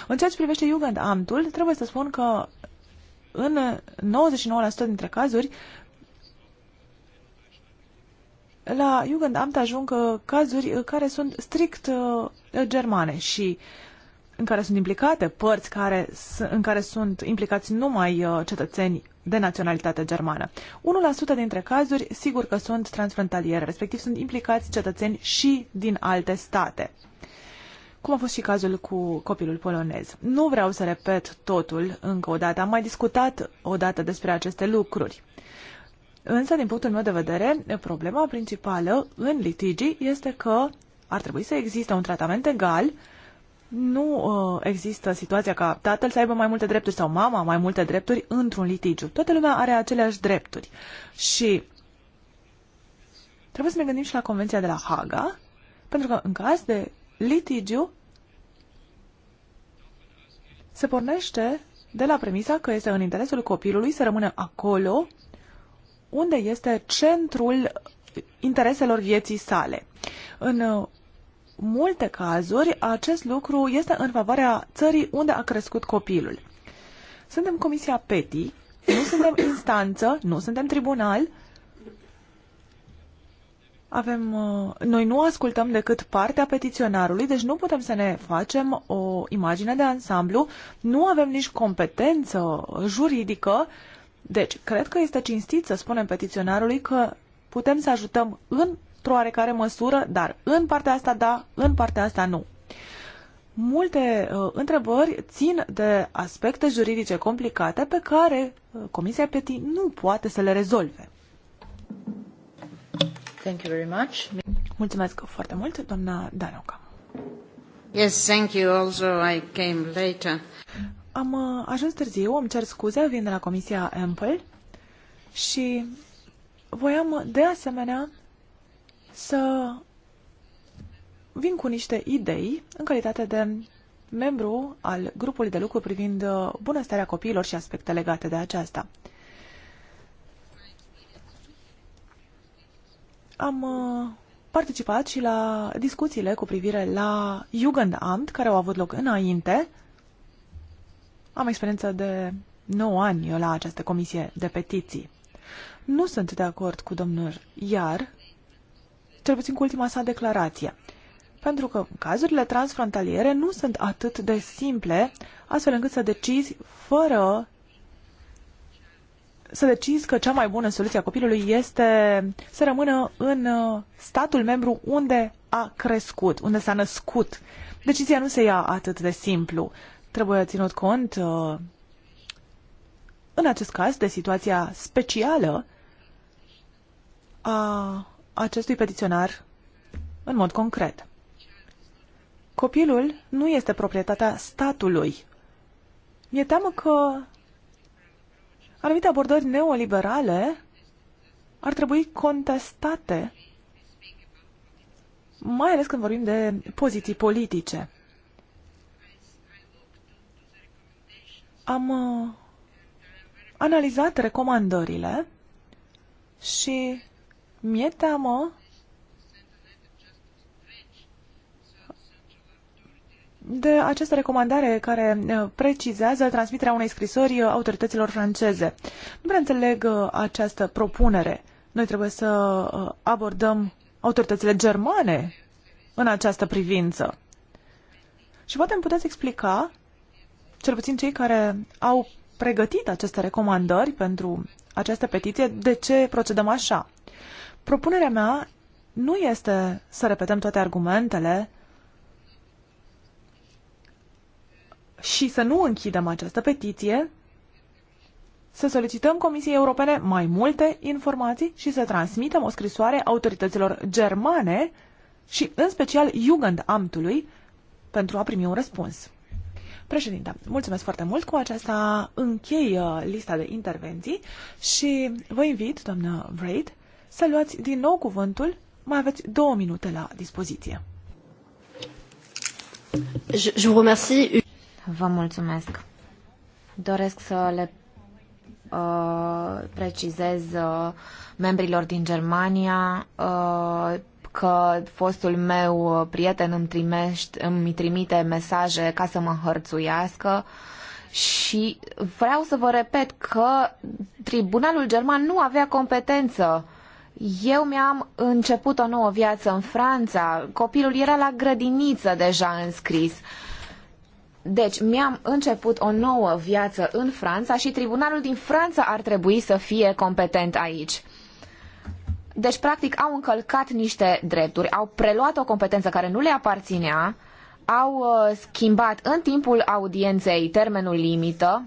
În ceea ce privește Jugendamtul, trebuie să spun că în 99% dintre cazuri, la Jugendamt ajung uh, cazuri uh, care sunt strict germane și în care sunt implicate părți care, în care sunt implicați numai uh, cetățeni de naționalitate germană. 1% dintre cazuri, sigur că sunt transfrontaliere, respectiv sunt implicați cetățeni și din alte state. Cum a fost și cazul cu copilul polonez. Nu vreau să repet totul încă o dată, am mai discutat o dată despre aceste lucruri. Însă, din punctul meu de vedere, problema principală în litigi este că ar trebui să existe un tratament egal nu uh, există situația ca tatăl să aibă mai multe drepturi sau mama mai multe drepturi într-un litigiu. Toată lumea are aceleași drepturi. Și trebuie să ne gândim și la Convenția de la Haga, pentru că în caz de litigiu se pornește de la premisa că este în interesul copilului să rămână acolo unde este centrul intereselor vieții sale. În uh, multe cazuri, acest lucru este în favoarea țării unde a crescut copilul. Suntem Comisia PETI, nu suntem instanță, nu suntem tribunal. Avem, uh, noi nu ascultăm decât partea petiționarului, deci nu putem să ne facem o imagine de ansamblu, nu avem nici competență juridică, deci cred că este cinstit să spunem petiționarului că putem să ajutăm în într-o oarecare măsură, dar în partea asta da, în partea asta nu. Multe uh, întrebări țin de aspecte juridice complicate pe care uh, Comisia PETI nu poate să le rezolve. Thank you very much. Mulțumesc foarte mult, doamna Danoca. Yes, thank you. Also, I came later. Am uh, ajuns târziu, îmi cer scuze, vin de la Comisia Ample și voiam de asemenea să vin cu niște idei în calitate de membru al grupului de lucru privind uh, bunăstarea copiilor și aspecte legate de aceasta. Am uh, participat și la discuțiile cu privire la Jugendamt, care au avut loc înainte. Am experiență de 9 ani la această comisie de petiții. Nu sunt de acord cu domnul Iar cel puțin cu ultima sa declarație. Pentru că cazurile transfrontaliere nu sunt atât de simple, astfel încât să decizi fără să decizi că cea mai bună soluție a copilului este să rămână în uh, statul membru unde a crescut, unde s-a născut. Decizia nu se ia atât de simplu. Trebuie ținut cont, uh, în acest caz, de situația specială a acestui petiționar în mod concret. Copilul nu este proprietatea statului. Mi-e teamă că anumite abordări neoliberale ar trebui contestate, mai ales când vorbim de poziții politice. Am uh, analizat recomandările și mi e teamă de această recomandare care uh, precizează transmiterea unei scrisori uh, autorităților franceze. Nu prea înțeleg uh, această propunere. Noi trebuie să abordăm autoritățile germane în această privință. Și poate îmi puteți explica, cel puțin cei care au pregătit aceste recomandări pentru această petiție, de ce procedăm așa. Propunerea mea nu este să repetăm toate argumentele și să nu închidem această petiție, să solicităm Comisiei Europene mai multe informații și să transmitem o scrisoare autorităților germane și în special Jugendamtului pentru a primi un răspuns. Președinte, mulțumesc foarte mult. Cu aceasta închei uh, lista de intervenții și vă invit, doamnă Braid, să luați din nou cuvântul. Mai aveți două minute la dispoziție. Je, remercie. Vă mulțumesc. Doresc să le uh, precizez uh, membrilor din Germania uh, că fostul meu prieten îmi, trimește, îmi trimite mesaje ca să mă hărțuiască și vreau să vă repet că tribunalul german nu avea competență uh, eu mi-am început o nouă viață în Franța, copilul era la grădiniță deja înscris. Deci mi-am început o nouă viață în Franța și tribunalul din Franța ar trebui să fie competent aici. Deci, practic, au încălcat niște drepturi, au preluat o competență care nu le aparținea, au uh, schimbat în timpul audienței termenul limită,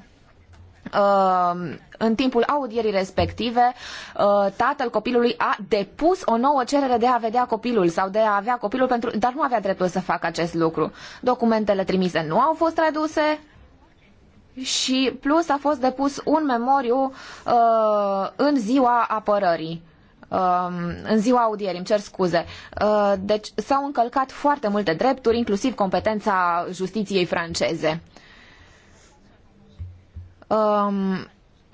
uh, în timpul audierii respective, uh, tatăl copilului a depus o nouă cerere de a vedea copilul sau de a avea copilul, pentru, dar nu avea dreptul să facă acest lucru. Documentele trimise nu au fost traduse și plus a fost depus un memoriu uh, în ziua apărării. Uh, în ziua audierii, îmi cer scuze. Uh, deci s-au încălcat foarte multe drepturi, inclusiv competența justiției franceze. Uh,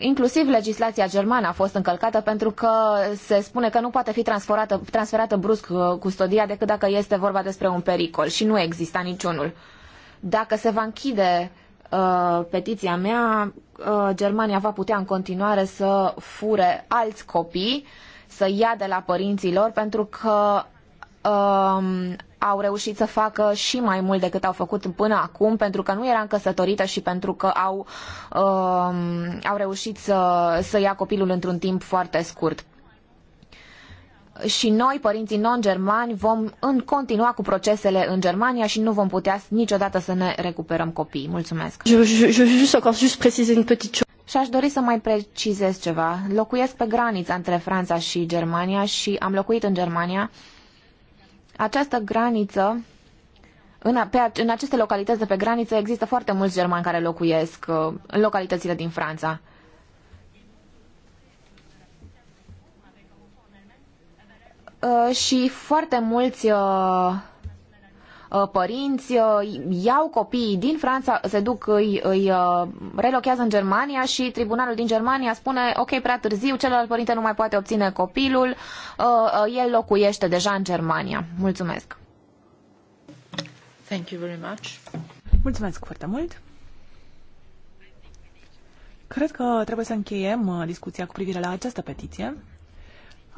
inclusiv legislația germană a fost încălcată pentru că se spune că nu poate fi transferată, transferată brusc uh, custodia decât dacă este vorba despre un pericol și nu exista niciunul. Dacă se va închide uh, petiția mea, uh, Germania va putea în continuare să fure alți copii, să ia de la părinții lor pentru că uh, au reușit să facă și mai mult decât au făcut până acum, pentru că nu eram căsătorită și pentru că au, uh, au reușit să, să ia copilul într-un timp foarte scurt. Și noi, părinții non-germani, vom în continua cu procesele în Germania și nu vom putea niciodată să ne recuperăm copiii. Mulțumesc. Je, să je, Și aș dori să mai precizez ceva. Locuiesc pe granița între Franța și Germania și am locuit în Germania uh, această graniță, în, pe, în aceste localități de pe graniță există foarte mulți germani care locuiesc uh, în localitățile din Franța. Uh, și foarte mulți uh, Uh, părinți uh, iau copiii din Franța, se duc, îi, îi uh, relochează în Germania și tribunalul din Germania spune, ok, prea târziu, celălalt părinte nu mai poate obține copilul, el locuiește deja în Germania. Mulțumesc! Thank you very much. Mulțumesc foarte mult! Cred că trebuie să încheiem discuția cu privire la această petiție.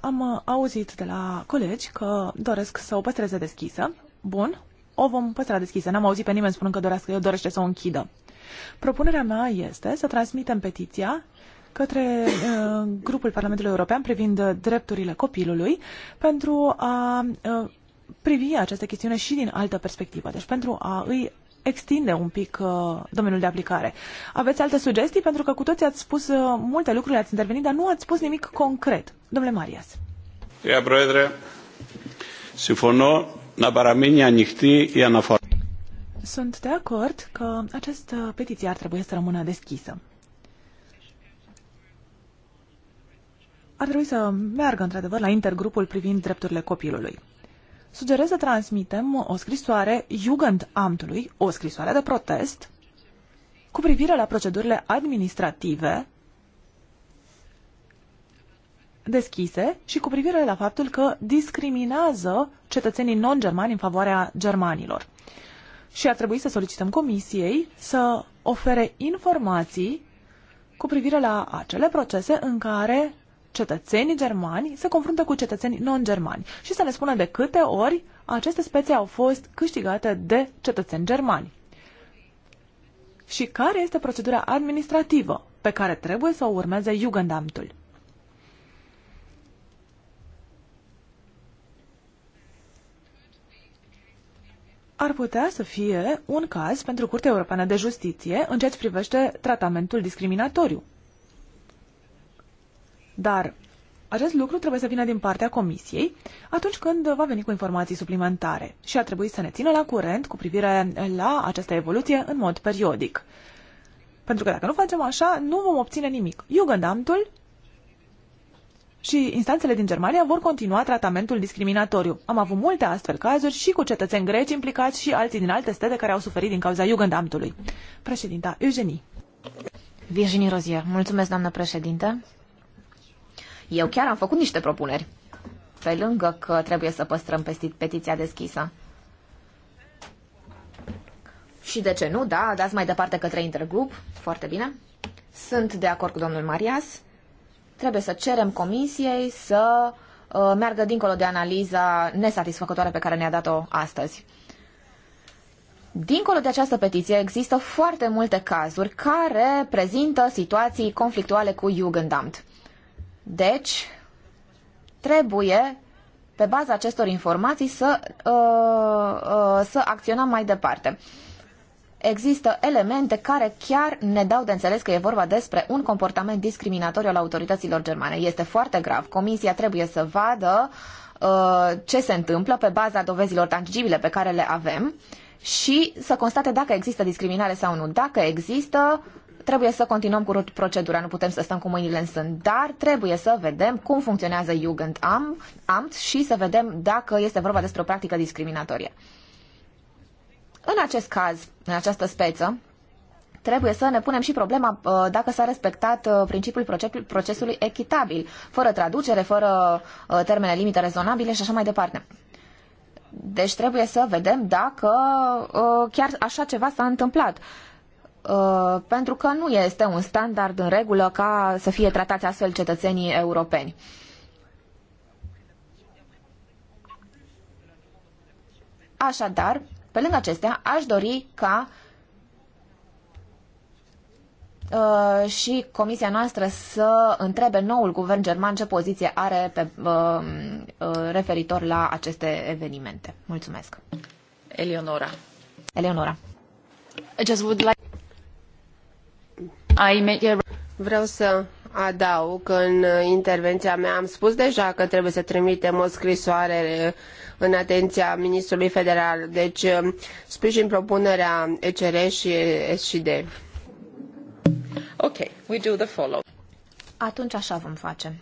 Am auzit de la colegi că doresc să o păstreze deschisă. Bun o vom păstra deschisă. N-am auzit pe nimeni spunând că dorească, eu dorește să o închidă. Propunerea mea este să transmitem petiția către uh, grupul Parlamentului European privind drepturile copilului pentru a uh, privi această chestiune și din altă perspectivă, deci pentru a îi extinde un pic uh, domeniul de aplicare. Aveți alte sugestii? Pentru că cu toții ați spus uh, multe lucruri, ați intervenit, dar nu ați spus nimic concret. Domnule Marias. Ia, proedre, συμφωνώ sunt de acord că această petiție ar trebui să rămână deschisă. Ar trebui să meargă într-adevăr la intergrupul privind drepturile copilului. Sugerez să transmitem o scrisoare Jugendamtului, o scrisoare de protest, cu privire la procedurile administrative deschise și cu privire la faptul că discriminează cetățenii non-germani în favoarea germanilor. Și ar trebui să solicităm comisiei să ofere informații cu privire la acele procese în care cetățenii germani se confruntă cu cetățenii non-germani și să ne spună de câte ori aceste specii au fost câștigate de cetățeni germani. Și care este procedura administrativă pe care trebuie să o urmeze Jugendamtul? ar putea să fie un caz pentru Curtea Europeană de Justiție în ceea ce privește tratamentul discriminatoriu. Dar acest lucru trebuie să vină din partea Comisiei atunci când va veni cu informații suplimentare și ar trebui să ne țină la curent cu privire la această evoluție în mod periodic. Pentru că dacă nu facem așa, nu vom obține nimic. Jugendamtul și instanțele din Germania vor continua tratamentul discriminatoriu. Am avut multe astfel cazuri și cu cetățeni greci implicați și alții din alte state care au suferit din cauza Jugendamtului. Președinta Eugenie. Virginie Rozier, mulțumesc, doamnă președinte. Eu chiar am făcut niște propuneri, pe lângă că trebuie să păstrăm petiția deschisă. Și de ce nu, da, dați mai departe către intergrup, foarte bine. Sunt de acord cu domnul Marias Trebuie să cerem comisiei să uh, meargă dincolo de analiza nesatisfăcătoare pe care ne-a dat-o astăzi. Dincolo de această petiție, există foarte multe cazuri care prezintă situații conflictuale cu Jugendamt. Deci, trebuie, pe baza acestor informații, să, uh, uh, să acționăm mai departe există elemente care chiar ne dau de înțeles că e vorba despre un comportament discriminatoriu al autorităților germane. Este foarte grav. Comisia trebuie să vadă uh, ce se întâmplă pe baza dovezilor tangibile pe care le avem și să constate dacă există discriminare sau nu. Dacă există, trebuie să continuăm cu procedura, nu putem să stăm cu mâinile în sân, dar trebuie să vedem cum funcționează Jugendamt și să vedem dacă este vorba despre o practică discriminatorie. În acest caz, în această speță, trebuie să ne punem și problema uh, dacă s-a respectat uh, principiul procesului echitabil, fără traducere, fără uh, termene limite rezonabile și așa mai departe. Deci trebuie să vedem dacă chiar așa ceva s-a întâmplat. Pentru că nu este un standard în regulă ca să fie tratați astfel cetățenii europeni. Așadar, pe lângă acestea, aș dori ca uh, și comisia noastră să întrebe noul guvern german ce poziție are pe, uh, uh, referitor la aceste evenimente. Mulțumesc. Eleonora. Eleonora. I just would like... I make a... Vreau să adaug, în intervenția mea am spus deja că trebuie să trimitem o scrisoare uh, în atenția Ministrului Federal. Deci, uh, sprijin propunerea ECR și SCD. Ok, we do the follow. Atunci așa vom face.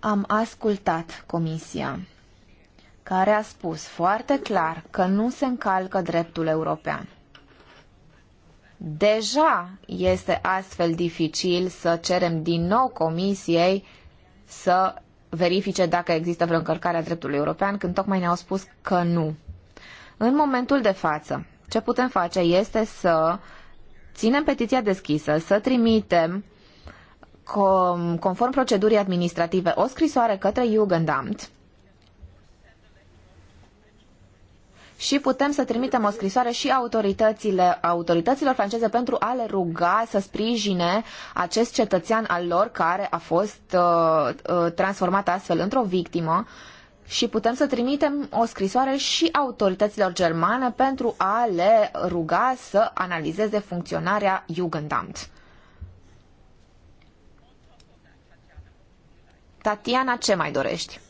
Am ascultat comisia, care a spus foarte clar că nu se încalcă dreptul european Deja este astfel dificil să cerem din nou Comisiei să verifice dacă există vreo încălcare a dreptului european, când tocmai ne-au spus că nu. În momentul de față, ce putem face este să ținem petiția deschisă, să trimitem conform procedurii administrative o scrisoare către Jugendamt și putem să trimitem o scrisoare și autoritățile, autorităților franceze pentru a le ruga să sprijine acest cetățean al lor care a fost uh, uh, transformat astfel într-o victimă și putem să trimitem o scrisoare și autorităților germane pentru a le ruga să analizeze funcționarea Jugendamt. Tatiana, ce mai dorești?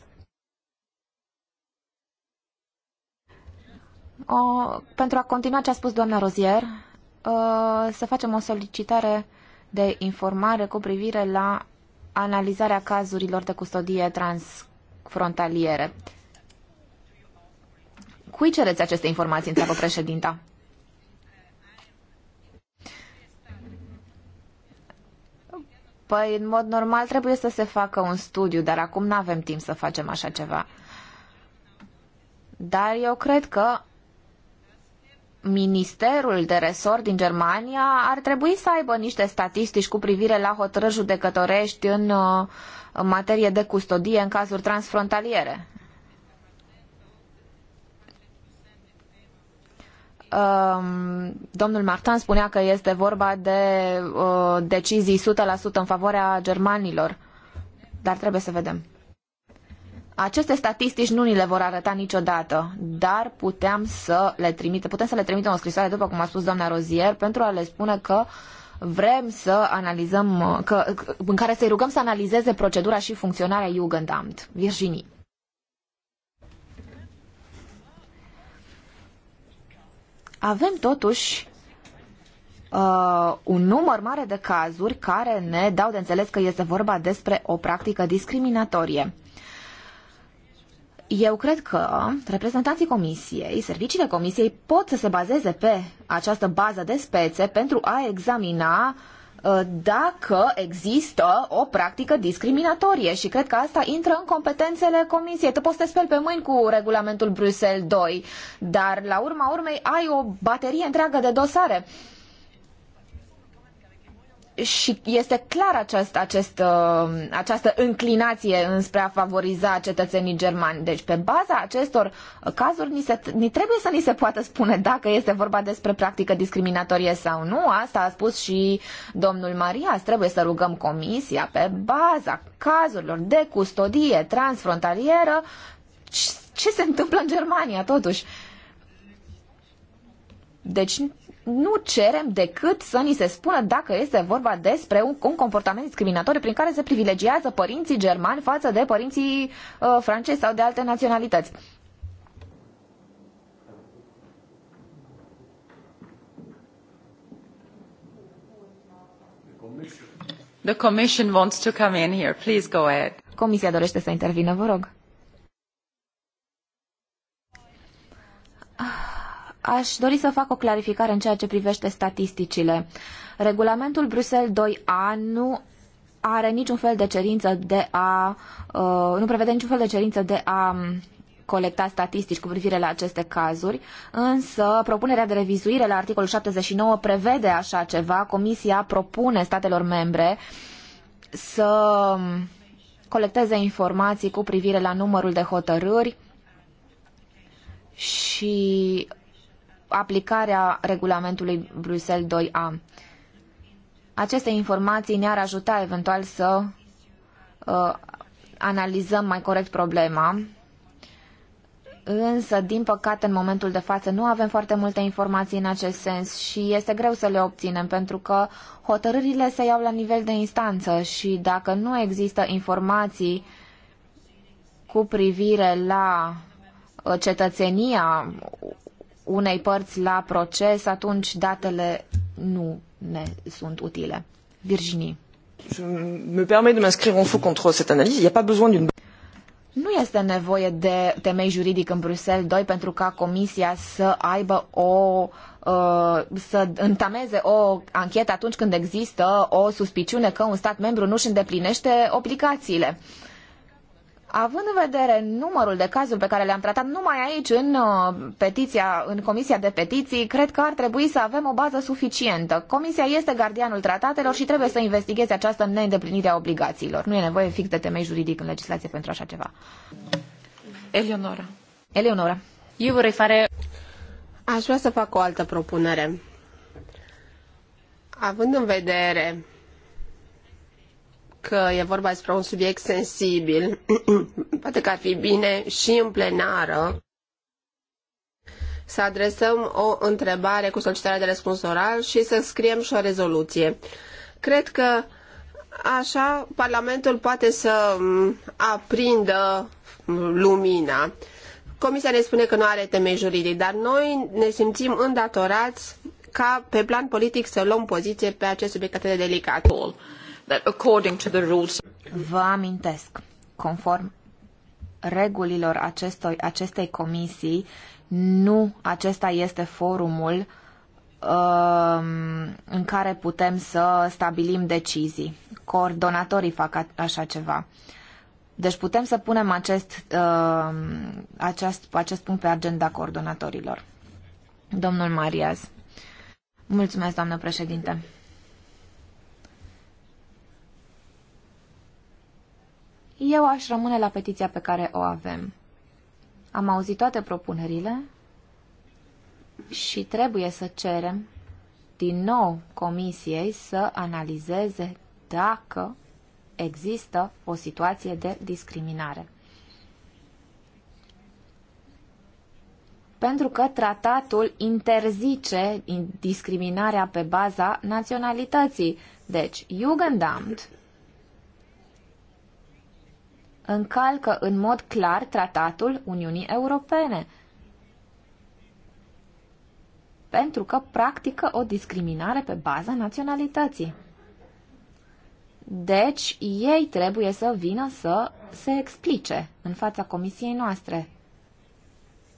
o, pentru a continua ce a spus doamna Rozier, să facem o solicitare de informare cu privire la analizarea cazurilor de custodie transfrontaliere. Cui cereți aceste informații, întreabă președinta? Păi, în mod normal, trebuie să se facă un studiu, dar acum nu avem timp să facem așa ceva. Dar eu cred că ministerul de resort din Germania ar trebui să aibă niște statistici cu privire la hotărâri judecătorești în, uh, în materie de custodie în cazuri transfrontaliere. Um, domnul Martin spunea că este vorba de uh, decizii 100% în favoarea germanilor, dar trebuie să vedem. Aceste statistici nu ni le vor arăta niciodată, dar putem să le trimite, putem să le trimitem o scrisoare, după cum a spus doamna Rozier, pentru a le spune că vrem să analizăm, că, în care să-i rugăm să analizeze procedura și funcționarea Jugendamt. Virginie. Avem totuși uh, un număr mare de cazuri care ne dau de înțeles că este vorba despre o practică discriminatorie. Eu cred că reprezentanții comisiei, serviciile comisiei pot să se bazeze pe această bază de spețe pentru a examina uh, dacă există o practică discriminatorie și cred că asta intră în competențele comisiei. Tu poți să te speli pe mâini cu regulamentul Bruxelles 2, dar la urma urmei ai o baterie întreagă de dosare. Uh, și este clar acest, acest, uh, această înclinație înspre a favoriza cetățenii germani. Deci, pe baza acestor cazuri, ni, se, ni trebuie să ni se poată spune dacă este vorba despre practică discriminatorie sau nu. Asta a spus și domnul Marias. Trebuie să rugăm comisia pe baza cazurilor de custodie transfrontalieră ce se întâmplă în Germania, totuși. Deci nu cerem decât să ni se spună dacă este vorba despre un, un comportament discriminatoriu prin care se privilegiază părinții germani față de părinții uh, francezi sau de alte naționalități. The commission wants to come in here. Please go ahead. Comisia dorește să intervină, vă rog. Ah. Aș dori să fac o clarificare în ceea ce privește statisticile. Regulamentul Bruxelles 2A nu are niciun fel de cerință de a uh, nu prevede niciun fel de cerință de a um, colecta statistici cu privire la aceste cazuri, însă propunerea de revizuire la articolul 79 prevede așa ceva. Comisia propune statelor membre să um, colecteze informații cu privire la numărul de hotărâri și aplicarea regulamentului Bruxelles 2A. Aceste informații ne-ar ajuta eventual să uh, analizăm mai corect problema, însă, din păcate, în momentul de față nu avem foarte multe informații în acest sens și este greu să le obținem, pentru că hotărârile se iau la nivel de instanță și dacă nu există informații cu privire la uh, cetățenia unei părți la proces, atunci datele nu ne sunt utile. Virginie. Je me permets de m'inscrire en faux contre cette analyse. Il n'y a pas besoin d'une nu este nevoie de temei juridic în Bruxelles 2 pentru ca Comisia să aibă o uh, să întameze o anchetă atunci când există o suspiciune că un stat membru nu își îndeplinește obligațiile. Având în vedere numărul de cazuri pe care le-am tratat numai aici, în, uh, petiția, în Comisia de Petiții, cred că ar trebui să avem o bază suficientă. Comisia este gardianul tratatelor și trebuie să investigheze această neîndeplinire a obligațiilor. Nu e nevoie fix de temei juridic în legislație pentru așa ceva. Eleonora. Eleonora. Eu vă refare... Aș vrea să fac o altă propunere. Având în vedere că e vorba despre un subiect sensibil. Poate că ar fi bine și în plenară să adresăm o întrebare cu solicitarea de răspuns oral și să scriem și o rezoluție. Cred că așa Parlamentul poate să aprindă lumina. Comisia ne spune că nu are temei juridic, dar noi ne simțim îndatorați ca pe plan politic să luăm poziție pe acest subiect atât de delicat that according to the rules... Vă amintesc, conform regulilor acestoi, acestei comisii, nu acesta este forumul uh, în care putem să stabilim decizii. Coordonatorii fac așa ceva. Deci putem să punem acest, uh, acest, acest punct pe agenda coordonatorilor. Domnul Marias. Mulțumesc, doamnă președinte. Eu aș rămâne la petiția pe care o avem. Am auzit toate propunerile și trebuie să cerem din nou comisiei să analizeze dacă există o situație de discriminare. Pentru că tratatul interzice discriminarea pe baza naționalității. Deci, Jugendamt încalcă în mod clar tratatul Uniunii Europene, pentru că practică o discriminare pe baza naționalității. Deci, ei trebuie să vină să se explice în fața comisiei noastre.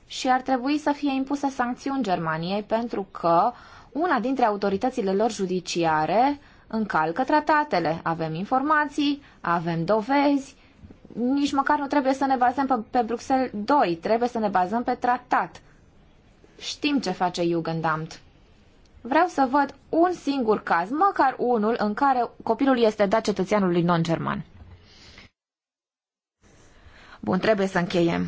Și ar trebui să fie impuse sancțiuni Germaniei pentru că una dintre autoritățile lor judiciare încalcă tratatele. Avem informații, avem dovezi, nici măcar nu trebuie să ne bazăm pe, pe Bruxelles 2, trebuie să ne bazăm pe tratat. Știm ce face Jugendamt. Vreau să văd un singur caz, măcar unul, în care copilul este dat cetățeanului non-german. Bun, trebuie să încheiem.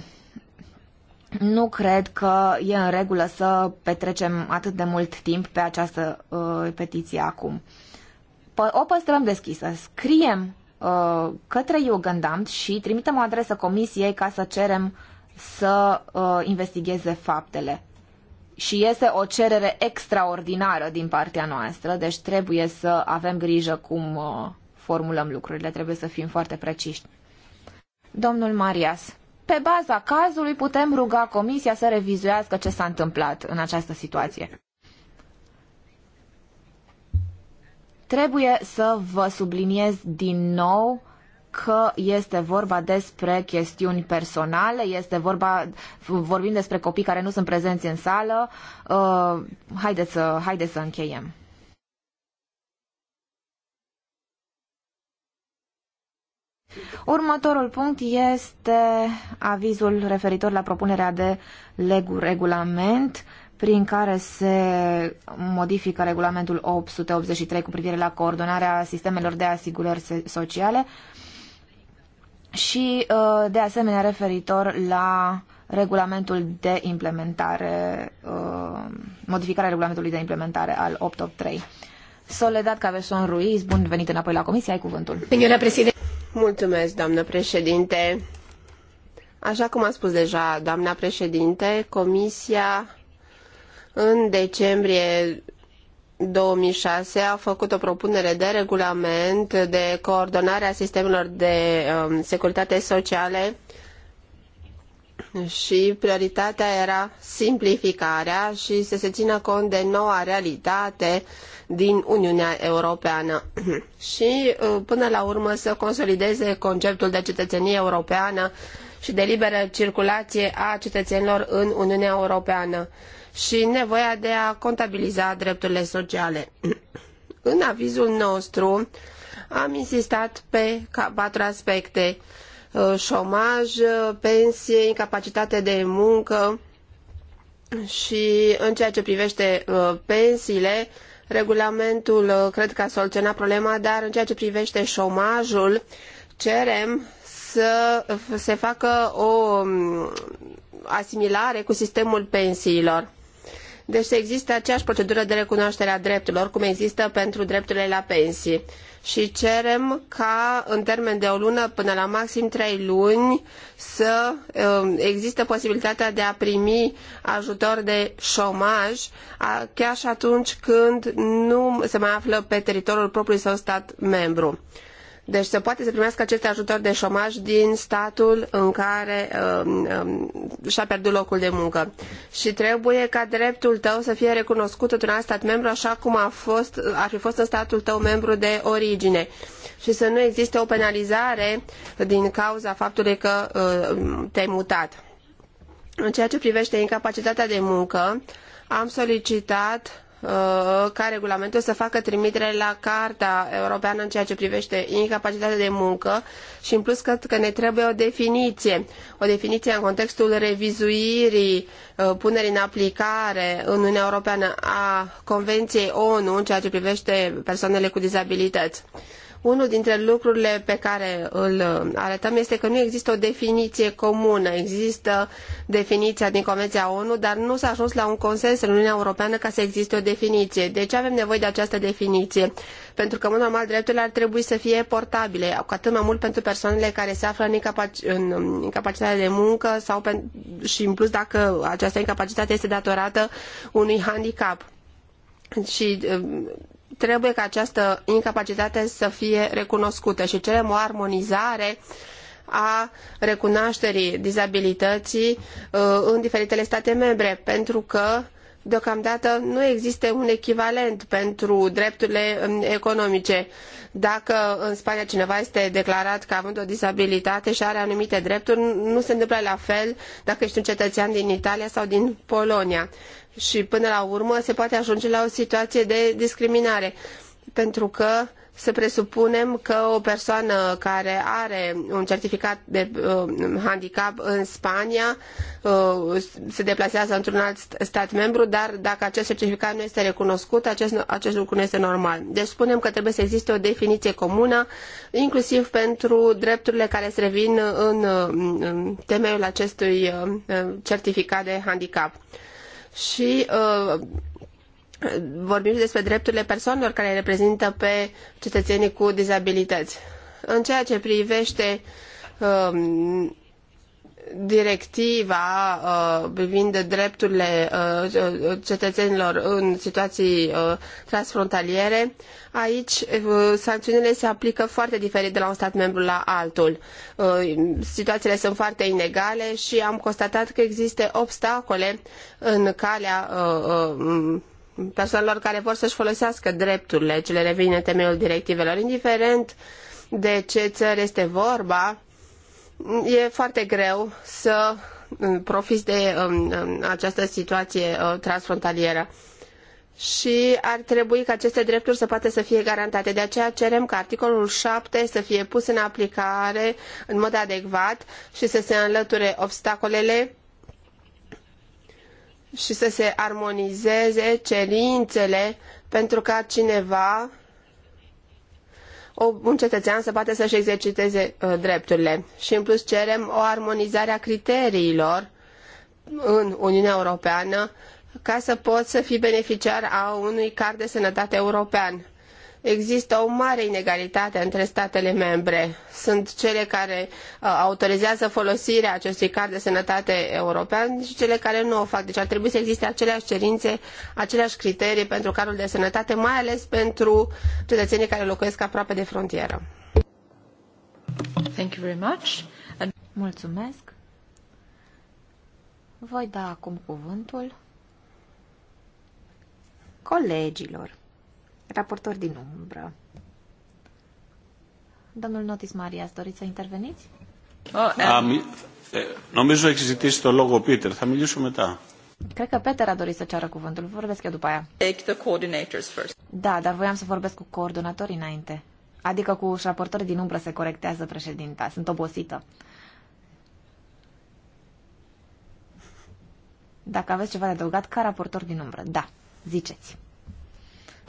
Nu cred că e în regulă să petrecem atât de mult timp pe această uh, petiție acum. o păstrăm deschisă, scriem Uh, către Jugendamt și trimitem o adresă comisiei ca să cerem să uh, investigheze faptele. Și este o cerere extraordinară din partea noastră, deci trebuie să avem grijă cum uh, formulăm lucrurile, trebuie să fim foarte preciși. Domnul Marias, pe baza cazului putem ruga comisia să revizuiască ce s-a întâmplat în această situație. Trebuie să vă subliniez din nou că este vorba despre chestiuni personale, este vorba, vorbim despre copii care nu sunt prezenți în sală. Uh, haideți, să, haideți să încheiem. Următorul punct este avizul referitor la propunerea de regulament prin care se modifică regulamentul 883 cu privire la coordonarea sistemelor de asigurări sociale și, uh, de asemenea, referitor la regulamentul de implementare, uh, modificarea regulamentului de implementare al 883. Soledad Caveson Ruiz, bun venit înapoi la comisie, ai cuvântul. Mulțumesc, doamnă președinte. Așa cum a spus deja doamna președinte, comisia în decembrie 2006 a făcut o propunere de regulament de coordonare a sistemelor de um, securitate sociale și prioritatea era simplificarea și să se țină cont de noua realitate din Uniunea Europeană și uh, până la urmă să consolideze conceptul de cetățenie europeană și de liberă circulație a cetățenilor în Uniunea Europeană și nevoia de a contabiliza drepturile sociale. În avizul nostru am insistat pe patru aspecte. Uh, șomaj, uh, pensie, incapacitate de muncă și în ceea ce privește uh, pensiile, regulamentul cred că a soluționat problema, dar în ceea ce privește șomajul, cerem să se facă o um, asimilare cu sistemul pensiilor. Deci să existe aceeași procedură de recunoaștere a drepturilor, cum există pentru drepturile la pensii. Și cerem ca în termen de o lună până la maxim trei luni să um, existe posibilitatea de a primi ajutor de șomaj chiar și atunci când nu se mai află pe teritoriul propriului său stat membru. Deci se poate să primească acest ajutor de șomaj din statul în care um, um, și-a pierdut locul de muncă. Și trebuie ca dreptul tău să fie recunoscut într-un alt stat membru așa cum a fost, ar fi fost în statul tău membru de origine. Și să nu existe o penalizare din cauza faptului că uh, te-ai mutat. În ceea ce privește incapacitatea de muncă, am solicitat Uh, ca regulamentul să facă trimitere la Carta Europeană în ceea ce privește incapacitatea de muncă și în plus cred că ne trebuie o definiție, o definiție în contextul revizuirii, uh, punerii în aplicare în Uniunea Europeană a Convenției ONU în ceea ce privește persoanele cu dizabilități. Unul dintre lucrurile pe care îl uh, arătăm este că nu există o definiție comună. Există definiția din Convenția ONU, dar nu s-a ajuns la un consens în Uniunea Europeană ca să existe o definiție. ce avem nevoie de această definiție. Pentru că, în normal, drepturile ar trebui să fie portabile, cu atât mai mult pentru persoanele care se află în, în incapacitate de muncă sau pe- și, în plus, dacă această incapacitate este datorată unui handicap. Și uh, trebuie ca această incapacitate să fie recunoscută și cerem o armonizare a recunoașterii dizabilității uh, în diferitele state membre, pentru că deocamdată nu există un echivalent pentru drepturile um, economice. Dacă în Spania cineva este declarat ca având o disabilitate și are anumite drepturi, nu se întâmplă la fel dacă ești un cetățean din Italia sau din Polonia. Și până la urmă se poate ajunge la o situație de discriminare, pentru că să presupunem că o persoană care are un certificat de uh, handicap în Spania uh, se deplasează într-un alt stat membru, dar dacă acest certificat nu este recunoscut, acest, acest lucru nu este normal. Deci spunem că trebuie să existe o definiție comună, inclusiv pentru drepturile care se revin în, uh, în temeiul acestui uh, certificat de handicap. Și uh, vorbim și despre drepturile persoanelor care reprezintă pe cetățenii cu dizabilități. În ceea ce privește um, directiva uh, privind drepturile uh, cetățenilor în situații uh, transfrontaliere, aici uh, sancțiunile se aplică foarte diferit de la un stat membru la altul. Uh, situațiile sunt foarte inegale și am constatat că există obstacole în calea uh, uh persoanelor care vor să-și folosească drepturile ce le revin în temeiul directivelor, indiferent de ce țări este vorba, e foarte greu să mm, profiți de um, această situație uh, transfrontalieră. Și ar trebui ca aceste drepturi să poată să fie garantate. De aceea cerem ca articolul 7 să fie pus în aplicare în mod adecvat și să se înlăture obstacolele și să se armonizeze cerințele pentru ca cineva, un cetățean, să poată să-și exerciteze uh, drepturile. Și în plus cerem o armonizare a criteriilor în Uniunea Europeană ca să poți să fii beneficiar a unui card de sănătate european Există o mare inegalitate între statele membre. Sunt cele care uh, autorizează folosirea acestui card de sănătate european și cele care nu o fac. Deci ar trebui să existe aceleași cerințe, aceleași criterii pentru cardul de sănătate, mai ales pentru cetățenii care locuiesc aproape de frontieră. Thank you very much. Mulțumesc. Voi da acum cuvântul colegilor. Raportor din umbră. Domnul Notis ați doriți să interveniți? Nu έχει ζητήσει το λόγο ο Πίτερ. Θα μιλήσω μετά. Cred că Peter a dorit să ceară cuvântul. Vorbesc eu după aia. Take the coordinators first. Da, dar voiam să vorbesc cu coordonatorii înainte. Adică cu raportori din umbră se corectează președinta. Sunt obosită. Dacă aveți ceva de adăugat, ca raportor din umbră. Da, ziceți.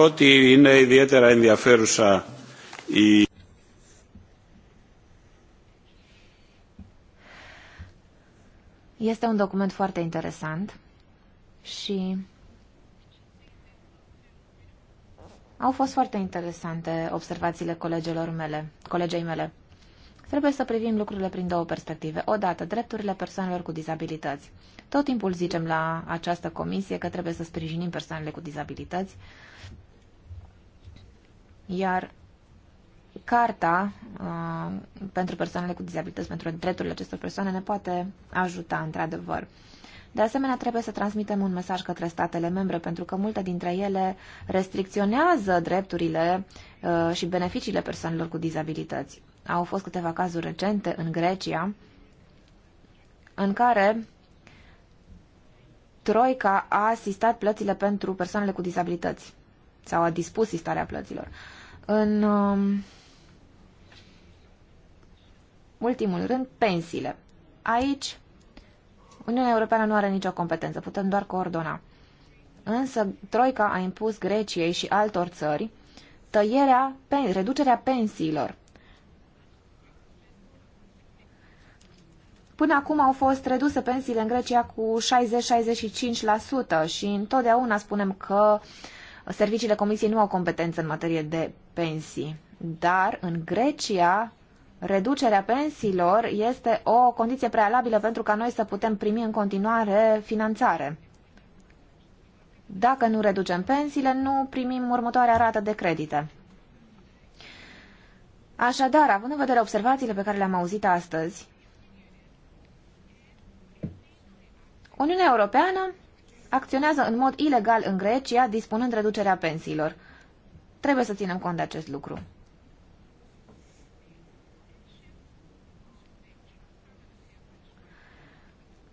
Ότι είναι ιδιαίτερα ενδιαφέρουσα η... Este un document foarte interesant și au fost foarte interesante observațiile colegilor mele, colegei mele. Trebuie să privim lucrurile prin două perspective. Odată, drepturile persoanelor cu dizabilități. Tot timpul zicem la această comisie că trebuie să sprijinim persoanele cu dizabilități iar Carta uh, pentru persoanele cu dizabilități, pentru drepturile acestor persoane, ne poate ajuta, într-adevăr. De asemenea, trebuie să transmitem un mesaj către statele membre, pentru că multe dintre ele restricționează drepturile uh, și beneficiile persoanelor cu dizabilități. Au fost câteva cazuri recente în Grecia în care Troica a asistat plățile pentru persoanele cu dizabilități sau a dispus sistarea plăților. Uh, în um, ultimul rând, pensiile. Aici, Uniunea Europeană nu are nicio competență, putem doar coordona. Însă, Troica a impus Greciei și altor țări tăierea, pen, reducerea pensiilor. Până acum au fost reduse pensiile în Grecia cu 60-65% și întotdeauna spunem că serviciile Comisiei nu au competență în materie de pensii. Dar în Grecia, reducerea pensiilor este o condiție prealabilă pentru ca noi să putem primi în continuare finanțare. Dacă nu reducem pensiile, nu primim următoarea rată de credite. Așadar, având în vedere observațiile pe care le-am auzit astăzi, Uniunea Europeană acționează în mod ilegal în Grecia, dispunând reducerea pensiilor. Trebuie să ținem cont de acest lucru.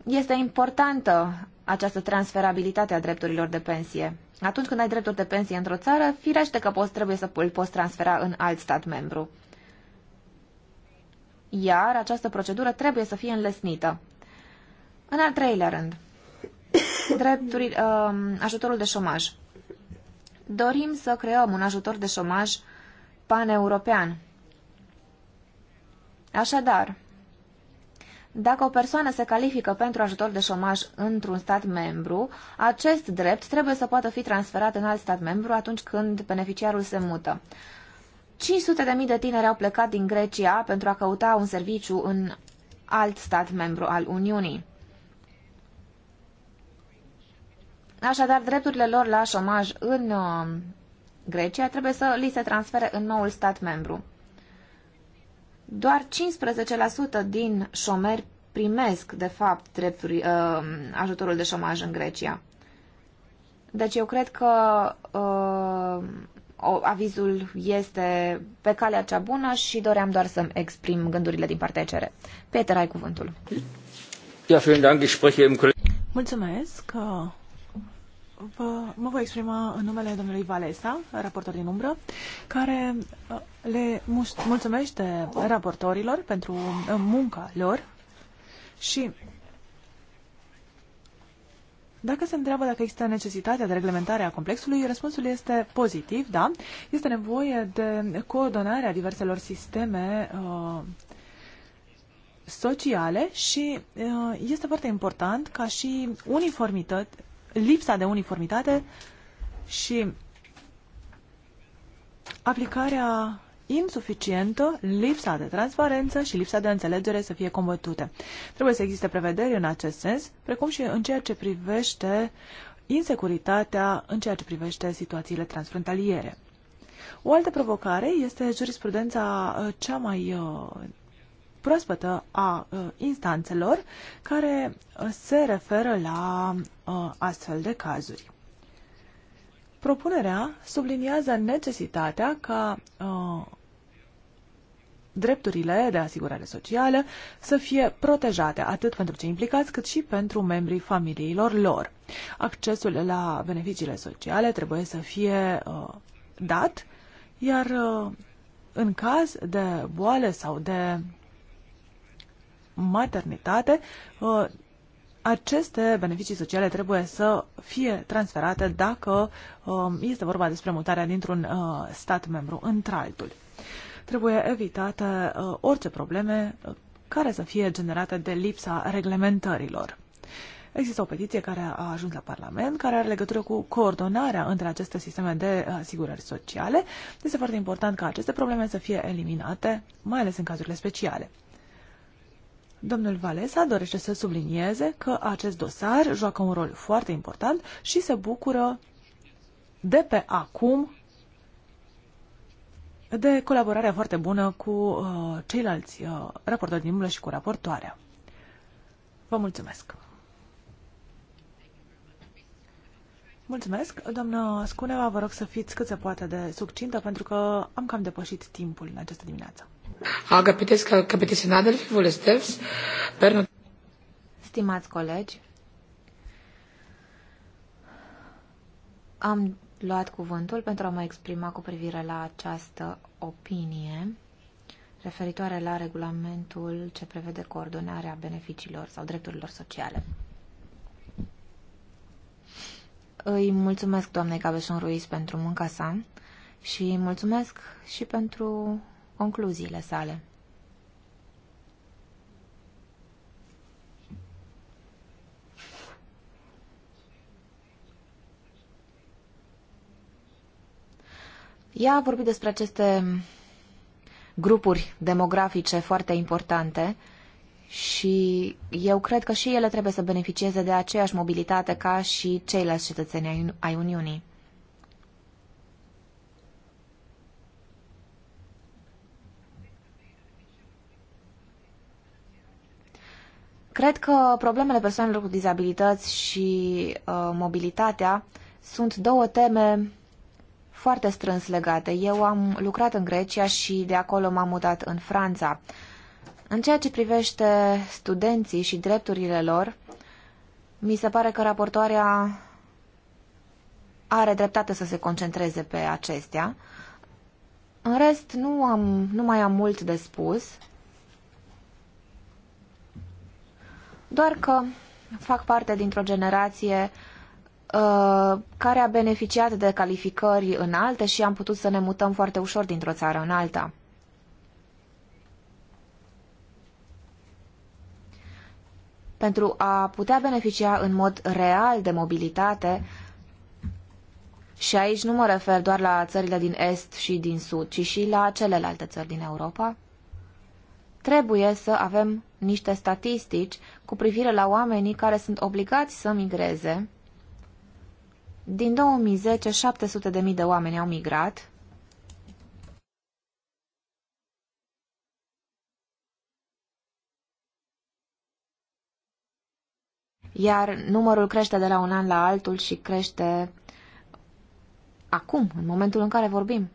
Este importantă această transferabilitate a drepturilor de pensie. Atunci când ai drepturi de pensie într-o țară, firește că poți, trebuie să îl poți transfera în alt stat membru. Iar această procedură trebuie să fie înlesnită. În al treilea rând, drepturi, uh, ajutorul de șomaj dorim să creăm un ajutor de șomaj paneuropean. Așadar, dacă o persoană se califică pentru ajutor de șomaj într-un stat membru, acest drept trebuie să poată fi transferat în alt stat membru atunci când beneficiarul se mută. 500.000 de tineri au plecat din Grecia pentru a căuta un serviciu în alt stat membru al Uniunii. Așadar, drepturile lor la șomaj în uh, Grecia trebuie să li se transfere în noul stat membru. Doar 15% din șomeri primesc, de fapt, drepturi, uh, ajutorul de șomaj în Grecia. Deci eu cred că uh, avizul este pe calea cea bună și doream doar să-mi exprim gândurile din partea cere. Peter, ai cuvântul. Mulțumesc. vielen uh, Mulțumesc. Vă, mă voi exprima în numele domnului Valesa, raportor din umbră, care uh, le mulțumește raportorilor pentru uh, munca lor și dacă se întreabă dacă există necesitatea de reglementare a complexului, răspunsul este pozitiv, da. Este nevoie de coordonarea diverselor sisteme uh, sociale și uh, este foarte important ca și uniformitate, lipsa de uniformitate și aplicarea insuficientă, lipsa de transparență și lipsa de înțelegere să fie combătute. Trebuie să existe prevederi în acest sens, precum și în ceea ce privește insecuritatea, în ceea ce privește situațiile transfrontaliere. O altă provocare este jurisprudența uh, cea mai uh, proaspătă a uh, instanțelor care uh, se referă la uh, astfel de cazuri. Propunerea subliniază necesitatea ca drepturile de asigurare socială să fie protejate atât pentru cei implicați cât și pentru membrii familiilor lor. Accesul la beneficiile sociale trebuie să fie uh, dat, iar uh, în caz de boală sau de maternitate, uh, aceste beneficii sociale trebuie să fie transferate dacă uh, este vorba despre mutarea dintr-un uh, stat membru într-altul. Trebuie evitate orice probleme care să fie generate de lipsa reglementărilor. Există o petiție care a ajuns la Parlament, care are legătură cu coordonarea între aceste sisteme de asigurări sociale. Este foarte important ca aceste probleme să fie eliminate, mai ales în cazurile speciale. Domnul Valesa dorește să sublinieze că acest dosar joacă un rol foarte important și se bucură de pe acum de colaborarea foarte bună cu uh, ceilalți uh, raportori din umbră și cu raportoarea. Vă mulțumesc! Mulțumesc, doamnă Scuneva, vă rog să fiți cât se poate de succintă, pentru că am cam depășit timpul în această dimineață. Stimați colegi, am luat cuvântul pentru a mă exprima cu privire la această opinie referitoare la regulamentul ce prevede coordonarea beneficiilor sau drepturilor sociale. Îi mulțumesc doamnei Cabeșon Ruiz pentru munca sa și mulțumesc și pentru concluziile sale. Ea a vorbit despre aceste grupuri demografice foarte importante și eu cred că și ele trebuie să beneficieze de aceeași mobilitate ca și ceilalți cetățeni ai Uniunii. Cred că problemele persoanelor cu dizabilități și uh, mobilitatea sunt două teme foarte strâns legate. Eu am lucrat în Grecia și de acolo m-am mutat în Franța. În ceea ce privește studenții și drepturile lor, mi se pare că raportoarea are dreptate să se concentreze pe acestea. În rest, nu, am, nu mai am mult de spus. doar că fac parte dintr-o generație uh, care a beneficiat de calificări înalte și am putut să ne mutăm foarte ușor dintr-o țară în alta. Pentru a putea beneficia în mod real de mobilitate, și aici nu mă refer doar la țările din Est și din Sud, ci și la celelalte țări din Europa, trebuie să avem niște statistici cu privire la oamenii care sunt obligați să migreze. Din 2010, 700.000 de, de oameni au migrat. Iar numărul crește de la un an la altul și crește acum, în momentul în care vorbim.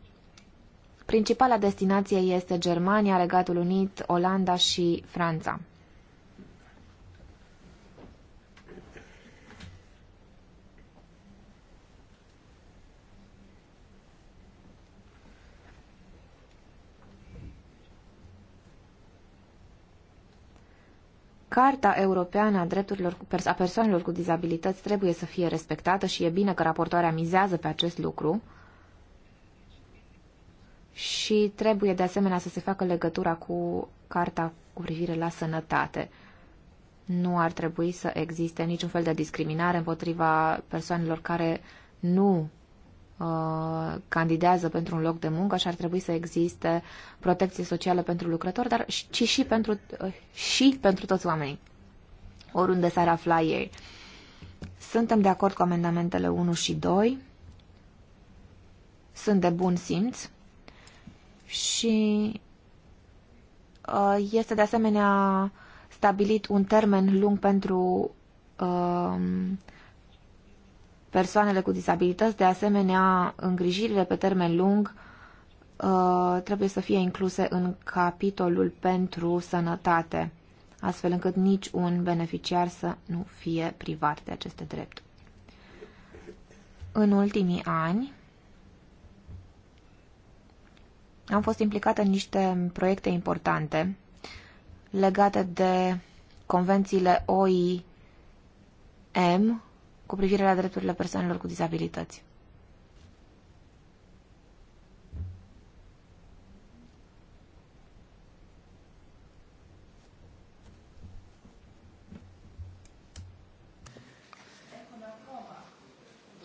Principala destinație este Germania, Regatul Unit, Olanda și Franța. Carta Europeană a Drepturilor a Persoanelor cu Dizabilități trebuie să fie respectată și e bine că raportoarea mizează pe acest lucru și trebuie de asemenea să se facă legătura cu Carta cu privire la sănătate. Nu ar trebui să existe niciun fel de discriminare împotriva persoanelor care nu uh, candidează pentru un loc de muncă și ar trebui să existe protecție socială pentru lucrători, dar și, și pentru, uh, și pentru toți oamenii, oriunde s-ar afla ei. Suntem de acord cu amendamentele 1 și 2. Sunt de bun simț și uh, este de asemenea stabilit un termen lung pentru um, persoanele cu disabilități, de asemenea îngrijirile pe termen lung uh, trebuie să fie incluse în capitolul pentru sănătate, astfel încât nici un beneficiar să nu fie privat de aceste drepturi. În ultimii ani, Am fost implicată în niște proiecte importante legate de convențiile OIM cu privire la drepturile persoanelor cu dizabilități.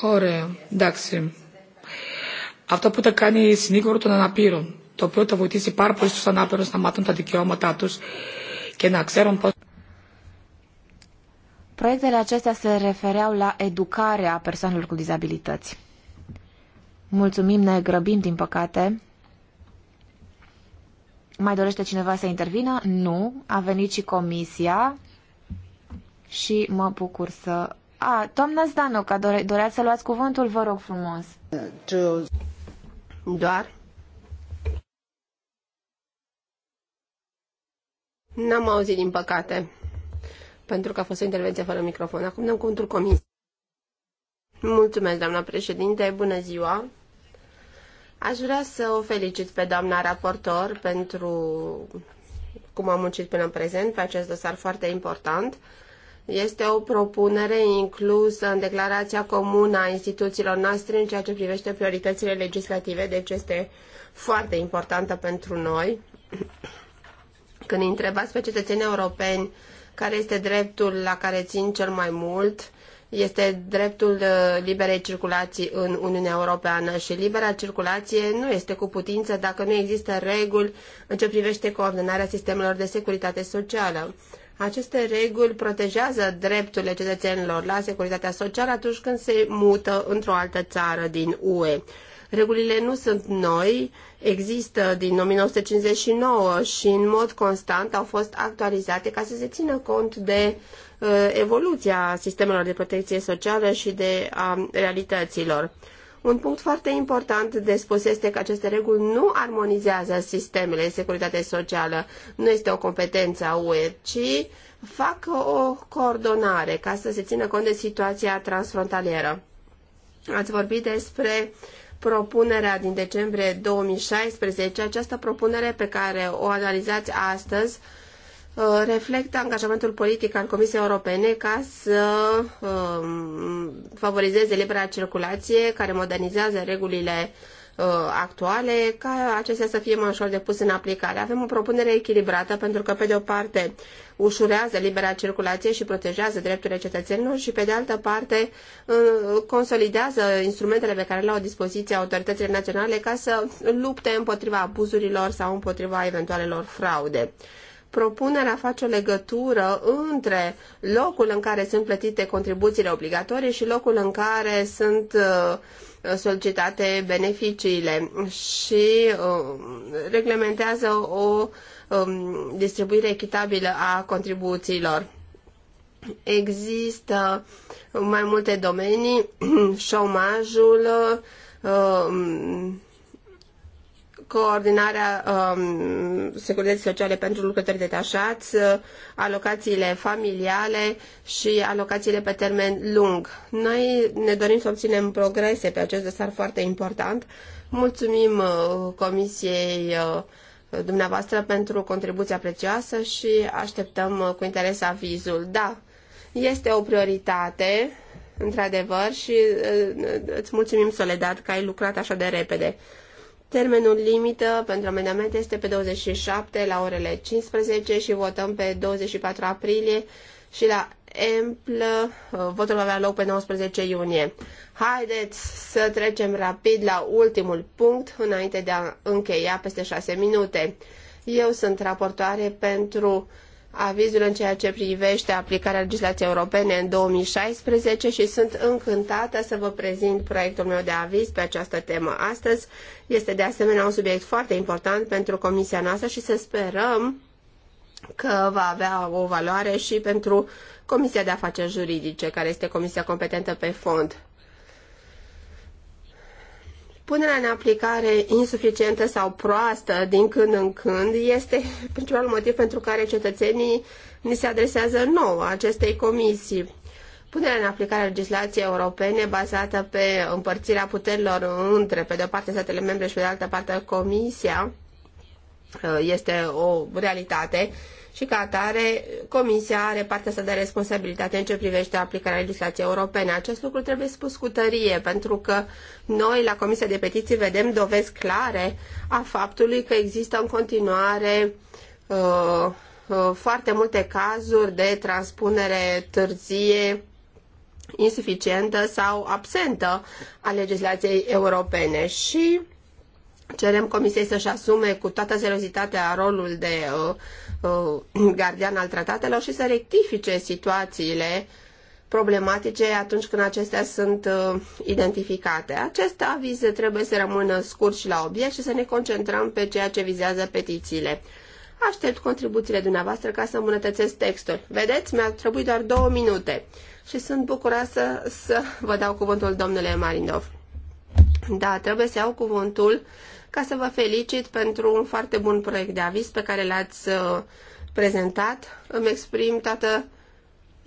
Ore, εντάξει. Αυτό που τα κάνει συνήγορο των αναπήρων, το οποίο θα βοηθήσει πάρα πολύ στους ανάπηρους να μάθουν τα δικαιώματά τους και να ξέρουν πώς... Proiectele acestea se refereau la educarea persoanelor cu dizabilități. Mulțumim, ne grăbim, din păcate. Mai dorește cineva să intervină? Nu. A venit și comisia și mă bucur să... A, doamna Zdanoca, dore, dorea să luați cuvântul? Vă rog frumos doar N-am auzit, din păcate, pentru că a fost o intervenție fără microfon. Acum dăm contul comis. Mulțumesc, doamna președinte, bună ziua! Aș vrea să o felicit pe doamna raportor pentru cum a muncit până în prezent pe acest dosar foarte important. Este o propunere inclusă în declarația comună a instituțiilor noastre în ceea ce privește prioritățile legislative, deci este foarte importantă pentru noi. Când îi întrebați pe cetățenii europeni care este dreptul la care țin cel mai mult, este dreptul uh, liberei circulații în Uniunea Europeană și libera circulație nu este cu putință dacă nu există reguli în ce privește coordonarea sistemelor de securitate socială. Aceste reguli protejează drepturile cetățenilor la securitatea socială atunci când se mută într-o altă țară din UE. Regulile nu sunt noi, există din 1959 și în mod constant au fost actualizate ca să se țină cont de uh, evoluția sistemelor de protecție socială și de a realităților. Un punct foarte important de spus este că aceste reguli nu armonizează sistemele de securitate socială, nu este o competență a UE, ci fac o coordonare ca să se țină cont de situația transfrontalieră. Ați vorbit despre propunerea din decembrie 2016, această propunere pe care o analizați astăzi Uh, reflectă angajamentul politic al Comisiei Europene ca să um, favorizeze libera circulație, care modernizează regulile uh, actuale, ca acestea să fie mai ușor de pus în aplicare. Avem o propunere echilibrată pentru că, pe de o parte, ușurează libera circulație și protejează drepturile cetățenilor și, pe de altă parte, uh, consolidează instrumentele pe care le au dispoziție autoritățile naționale ca să lupte împotriva abuzurilor sau împotriva eventualelor fraude propunerea face o legătură între locul în care sunt plătite contribuțiile obligatorii și locul în care sunt uh, solicitate beneficiile și uh, reglementează o um, distribuire echitabilă a contribuțiilor. Există mai multe domenii, șomajul, uh, coordonarea um, securității sociale pentru lucrători detașați, alocațiile familiale și alocațiile pe termen lung. Noi ne dorim să obținem progrese pe acest dosar foarte important. Mulțumim uh, Comisiei uh, dumneavoastră pentru contribuția prețioasă și așteptăm uh, cu interes avizul. Da, este o prioritate într-adevăr, și uh, îți mulțumim, Soledad, că ai lucrat așa de repede. Termenul limită pentru amendamente este pe 27 la orele 15 și votăm pe 24 aprilie și la EMPL uh, votul va avea loc pe 19 iunie. Haideți să trecem rapid la ultimul punct înainte de a încheia peste 6 minute. Eu sunt raportoare pentru avizul în ceea ce privește aplicarea legislației europene în 2016 și sunt încântată să vă prezint proiectul meu de aviz pe această temă astăzi. Este de asemenea un subiect foarte important pentru comisia noastră și să sperăm că va avea o valoare și pentru Comisia de Afaceri Juridice, care este comisia competentă pe fond. Punerea în aplicare insuficientă sau proastă din când în când este principalul motiv pentru care cetățenii ni se adresează nouă acestei comisii. Punerea în aplicare a legislației europene bazată pe împărțirea puterilor între, pe de o parte, statele membre și pe de altă parte Comisia este o realitate și ca atare Comisia are partea să de responsabilitate în ce privește aplicarea legislației europene. Acest lucru trebuie spus cu tărie, pentru că noi la Comisia de Petiții vedem dovezi clare a faptului că există în continuare uh, uh, foarte multe cazuri de transpunere târzie insuficientă sau absentă a legislației europene și cerem Comisiei să-și asume cu toată seriozitatea rolul de uh, Uh, gardian al tratatelor și să rectifice situațiile problematice atunci când acestea sunt uh, identificate. Acest aviz trebuie să rămână scurt și la obiect și să ne concentrăm pe ceea ce vizează petițiile. Aștept contribuțiile dumneavoastră ca să îmbunătățesc textul. Vedeți, mi-a trebuit doar două minute și sunt bucuroasă să vă dau cuvântul domnule Marinov. Da, trebuie să iau cuvântul ca să vă felicit pentru un foarte bun proiect de aviz pe care l-ați uh, prezentat. Îmi exprim toată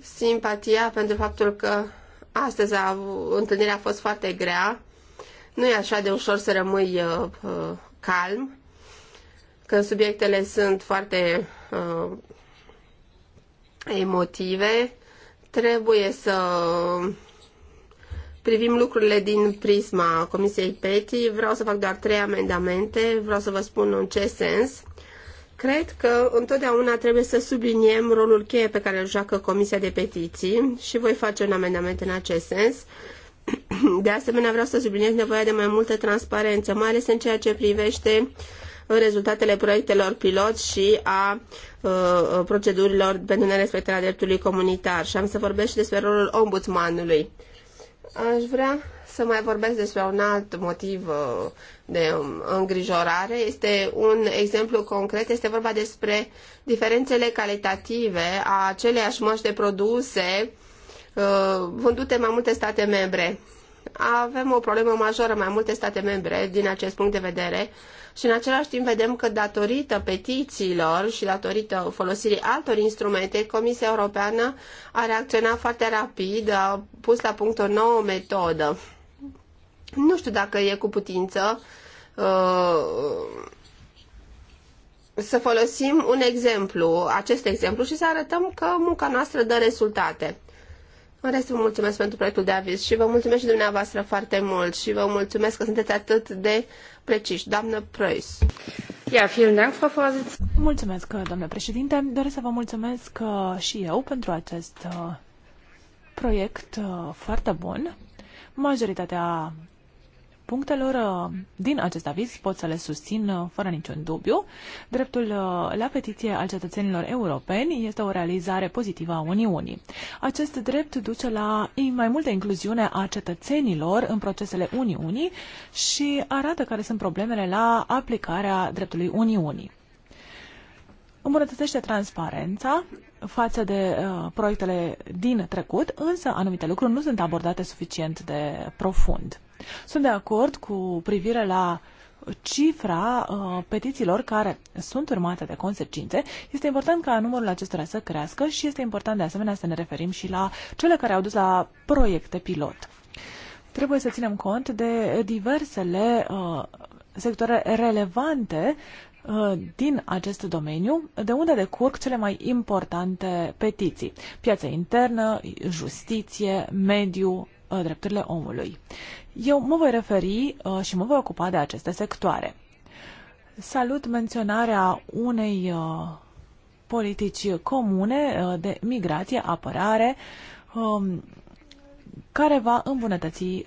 simpatia pentru faptul că astăzi a, întâlnirea a fost foarte grea. Nu e așa de ușor să rămâi uh, uh calm când subiectele sunt foarte uh, emotive. Trebuie să privim lucrurile din prisma Comisiei PETI, vreau să fac doar trei amendamente, vreau să vă spun în ce sens. Cred că întotdeauna trebuie să subliniem rolul cheie pe care îl joacă Comisia de Petiții și voi face un amendament în acest sens. De asemenea, vreau să subliniez nevoia de mai multă transparență, mai ales în ceea ce privește rezultatele proiectelor pilot și a a uh, procedurilor pentru nerespectarea dreptului comunitar. Și am să vorbesc și despre rolul ombudsmanului. Aș vrea să mai vorbesc despre un alt motiv uh, de um, îngrijorare. Este un exemplu concret, este vorba despre diferențele calitative a aceleiași măști de produse uh, vândute în mai multe state membre avem o problemă majoră mai multe state membre din acest punct de vedere și în același timp vedem că datorită petițiilor și datorită folosirii altor instrumente, Comisia Europeană a reacționat foarte rapid, a pus la punct o nouă metodă. Nu știu dacă e cu putință uh, să folosim un exemplu, acest exemplu și să arătăm că munca noastră dă rezultate. În rest, vă mulțumesc pentru proiectul de aviz și vă mulțumesc și dumneavoastră foarte mult și vă mulțumesc că sunteți atât de preciși. Doamnă Preuss. Ja, vielen Dank, Frau Vorsitz. Mulțumesc, doamnă președinte. Doresc să vă mulțumesc uh, și eu pentru acest uh, proiect uh, foarte bun. Majoritatea punctelor uh, din acest aviz pot să le susțin uh, fără niciun dubiu. Dreptul uh, la petiție al cetățenilor europeni este o realizare pozitivă a Uniunii. Acest drept duce la mai multă incluziune a cetățenilor în procesele Uniunii și arată care sunt problemele la aplicarea dreptului Uniunii îmbunătățește transparența față de uh, proiectele din trecut, însă anumite lucruri nu sunt abordate suficient de profund. Sunt de acord cu privire la cifra uh, petițiilor care sunt urmate de consecințe, este important ca numărul acestora să crească și este important de asemenea să ne referim și la cele care au dus la proiecte pilot. Trebuie să ținem cont de diversele uh, sectoare relevante uh, din acest domeniu, de unde decurg cele mai importante petiții. Piața internă, justiție, mediu, uh, drepturile omului. Eu mă voi referi uh, și mă voi ocupa de aceste sectoare. Salut menționarea unei uh, politici comune uh, de migrație, apărare, um, care va îmbunătăți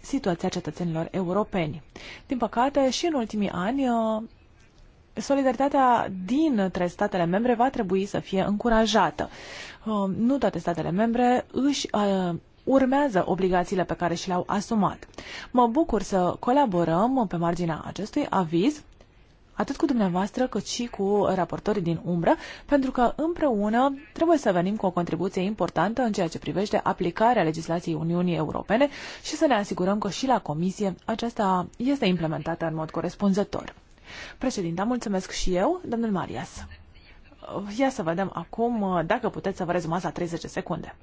situația cetățenilor europeni. Din păcate, și în ultimii ani, solidaritatea solidaritatea dintre statele membre va trebui să fie încurajată. Um, nu toate statele membre își urmează obligațiile pe care și le-au asumat. Mă bucur să colaborăm pe marginea acestui aviz atât cu dumneavoastră cât și cu raportorii din umbră, pentru că împreună trebuie să venim cu o contribuție importantă în ceea ce privește aplicarea legislației Uniunii Europene și să ne asigurăm că și la Comisie aceasta este implementată în mod corespunzător. Președinta, mulțumesc și eu, domnul Marias. Ia să vedem acum uh, dacă puteți să vă rezumați la 30 de secunde.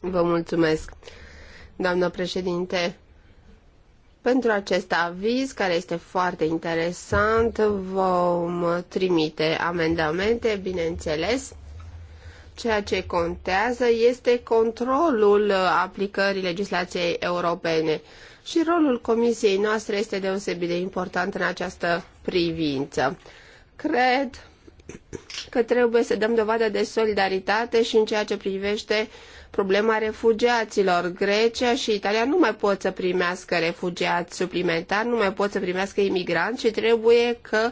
Vă mulțumesc, doamnă președinte, pentru acest aviz care este foarte interesant. Vom trimite amendamente, bineînțeles. Ceea ce contează este controlul aplicării legislației europene. Și rolul comisiei noastre este deosebit de important în această privință. Cred că trebuie să dăm dovadă de solidaritate și în ceea ce privește problema refugiaților. Grecia și Italia nu mai pot să primească refugiați suplimentari, nu mai pot să primească imigranți și trebuie că,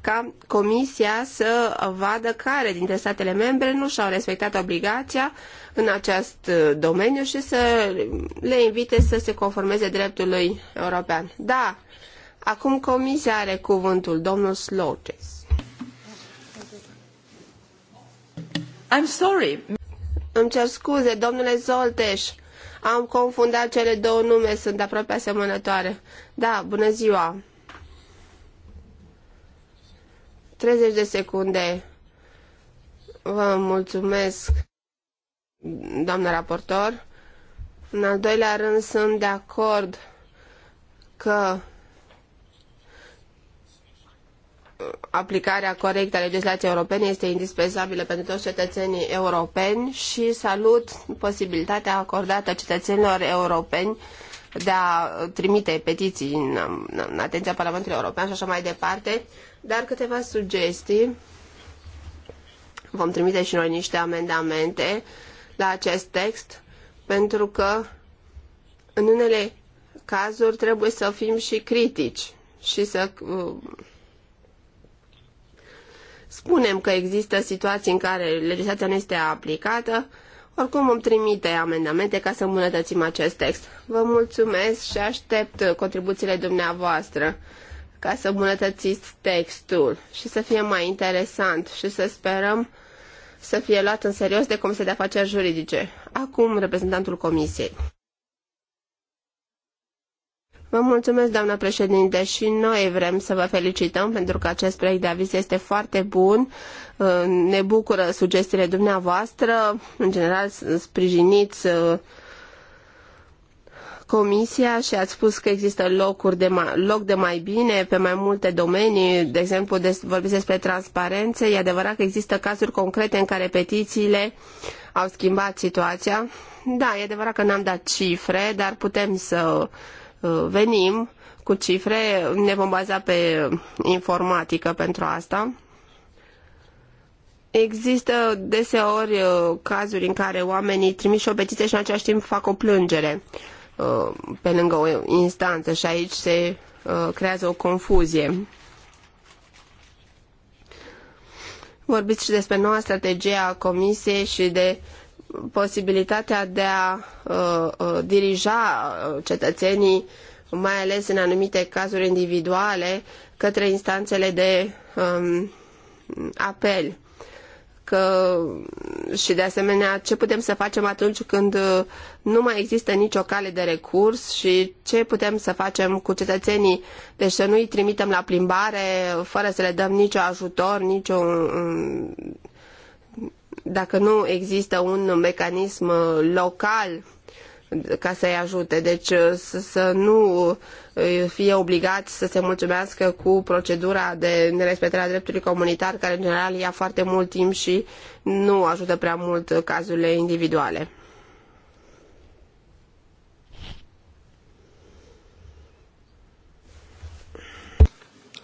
ca Comisia să vadă care dintre statele membre nu și-au respectat obligația în acest uh, domeniu și să le invite să se conformeze dreptului european. Da, Acum comisia are cuvântul, domnul Sloces. I'm sorry. Îmi cer scuze, domnule Zolteș. Am confundat cele două nume, sunt aproape asemănătoare. Da, bună ziua. 30 de secunde. Vă mulțumesc, doamnă raportor. În al doilea rând, sunt de acord că aplicarea corectă a legislației europene este indispensabilă pentru toți cetățenii europeni și salut posibilitatea acordată cetățenilor europeni de a trimite petiții în, în atenția Parlamentului European și așa mai departe, dar câteva sugestii. Vom trimite și noi niște amendamente la acest text, pentru că în unele cazuri trebuie să fim și critici și să uh, spunem că există situații în care legislația nu este aplicată, oricum vom trimite amendamente ca să îmbunătățim acest text. Vă mulțumesc și aștept contribuțiile dumneavoastră ca să îmbunătățiți textul și să fie mai interesant și să sperăm să fie luat în serios de Comisia de Afaceri Juridice. Acum, reprezentantul Comisiei. Vă mulțumesc, doamnă președinte, și noi vrem să vă felicităm pentru că acest proiect de aviz este foarte bun. Uh, ne bucură sugestiile dumneavoastră. În general, sprijiniți uh, comisia și ați spus că există locuri de mai, loc de mai bine pe mai multe domenii, de exemplu des, vorbiți despre transparență, e adevărat că există cazuri concrete în care petițiile au schimbat situația. Da, e adevărat că n-am dat cifre, dar putem să uh, Uh, venim cu cifre, ne vom baza pe informatică pentru asta. Există deseori uh, cazuri în care oamenii trimit și o petiție și în același timp fac o plângere uh, pe lângă o instanță și aici se creează o confuzie. Vorbiți și despre noua strategie a Comisiei și de uh, posibilitatea de a uh, uh dirija uh, cetățenii, mai ales în anumite cazuri individuale, către instanțele de um, apel. Că, și de asemenea, ce putem să facem atunci când uh, nu mai există nicio cale de recurs și ce putem să facem cu cetățenii. Deci să nu îi trimitem la plimbare fără să le dăm nicio ajutor, nicio um, dacă nu există un mecanism uh, local ca să-i ajute. Deci uh, să, să nu uh, fie obligați să se mulțumească cu procedura de a dreptului comunitar, care în general ia foarte mult timp și nu ajută prea mult cazurile individuale.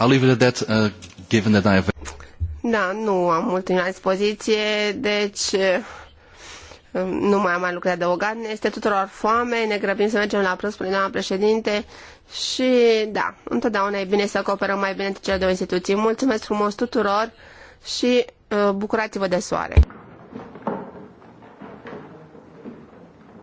I'll leave it at that, uh, given that I have... Da, nu am mult în la dispoziție, deci um, nu mai am mai lucrat de Ne este tuturor foame, ne grăbim să mergem la prânz, spune doamna președinte și da, întotdeauna e bine să cooperăm mai bine între cele două instituții. Mulțumesc frumos tuturor și uh, bucurați-vă de soare!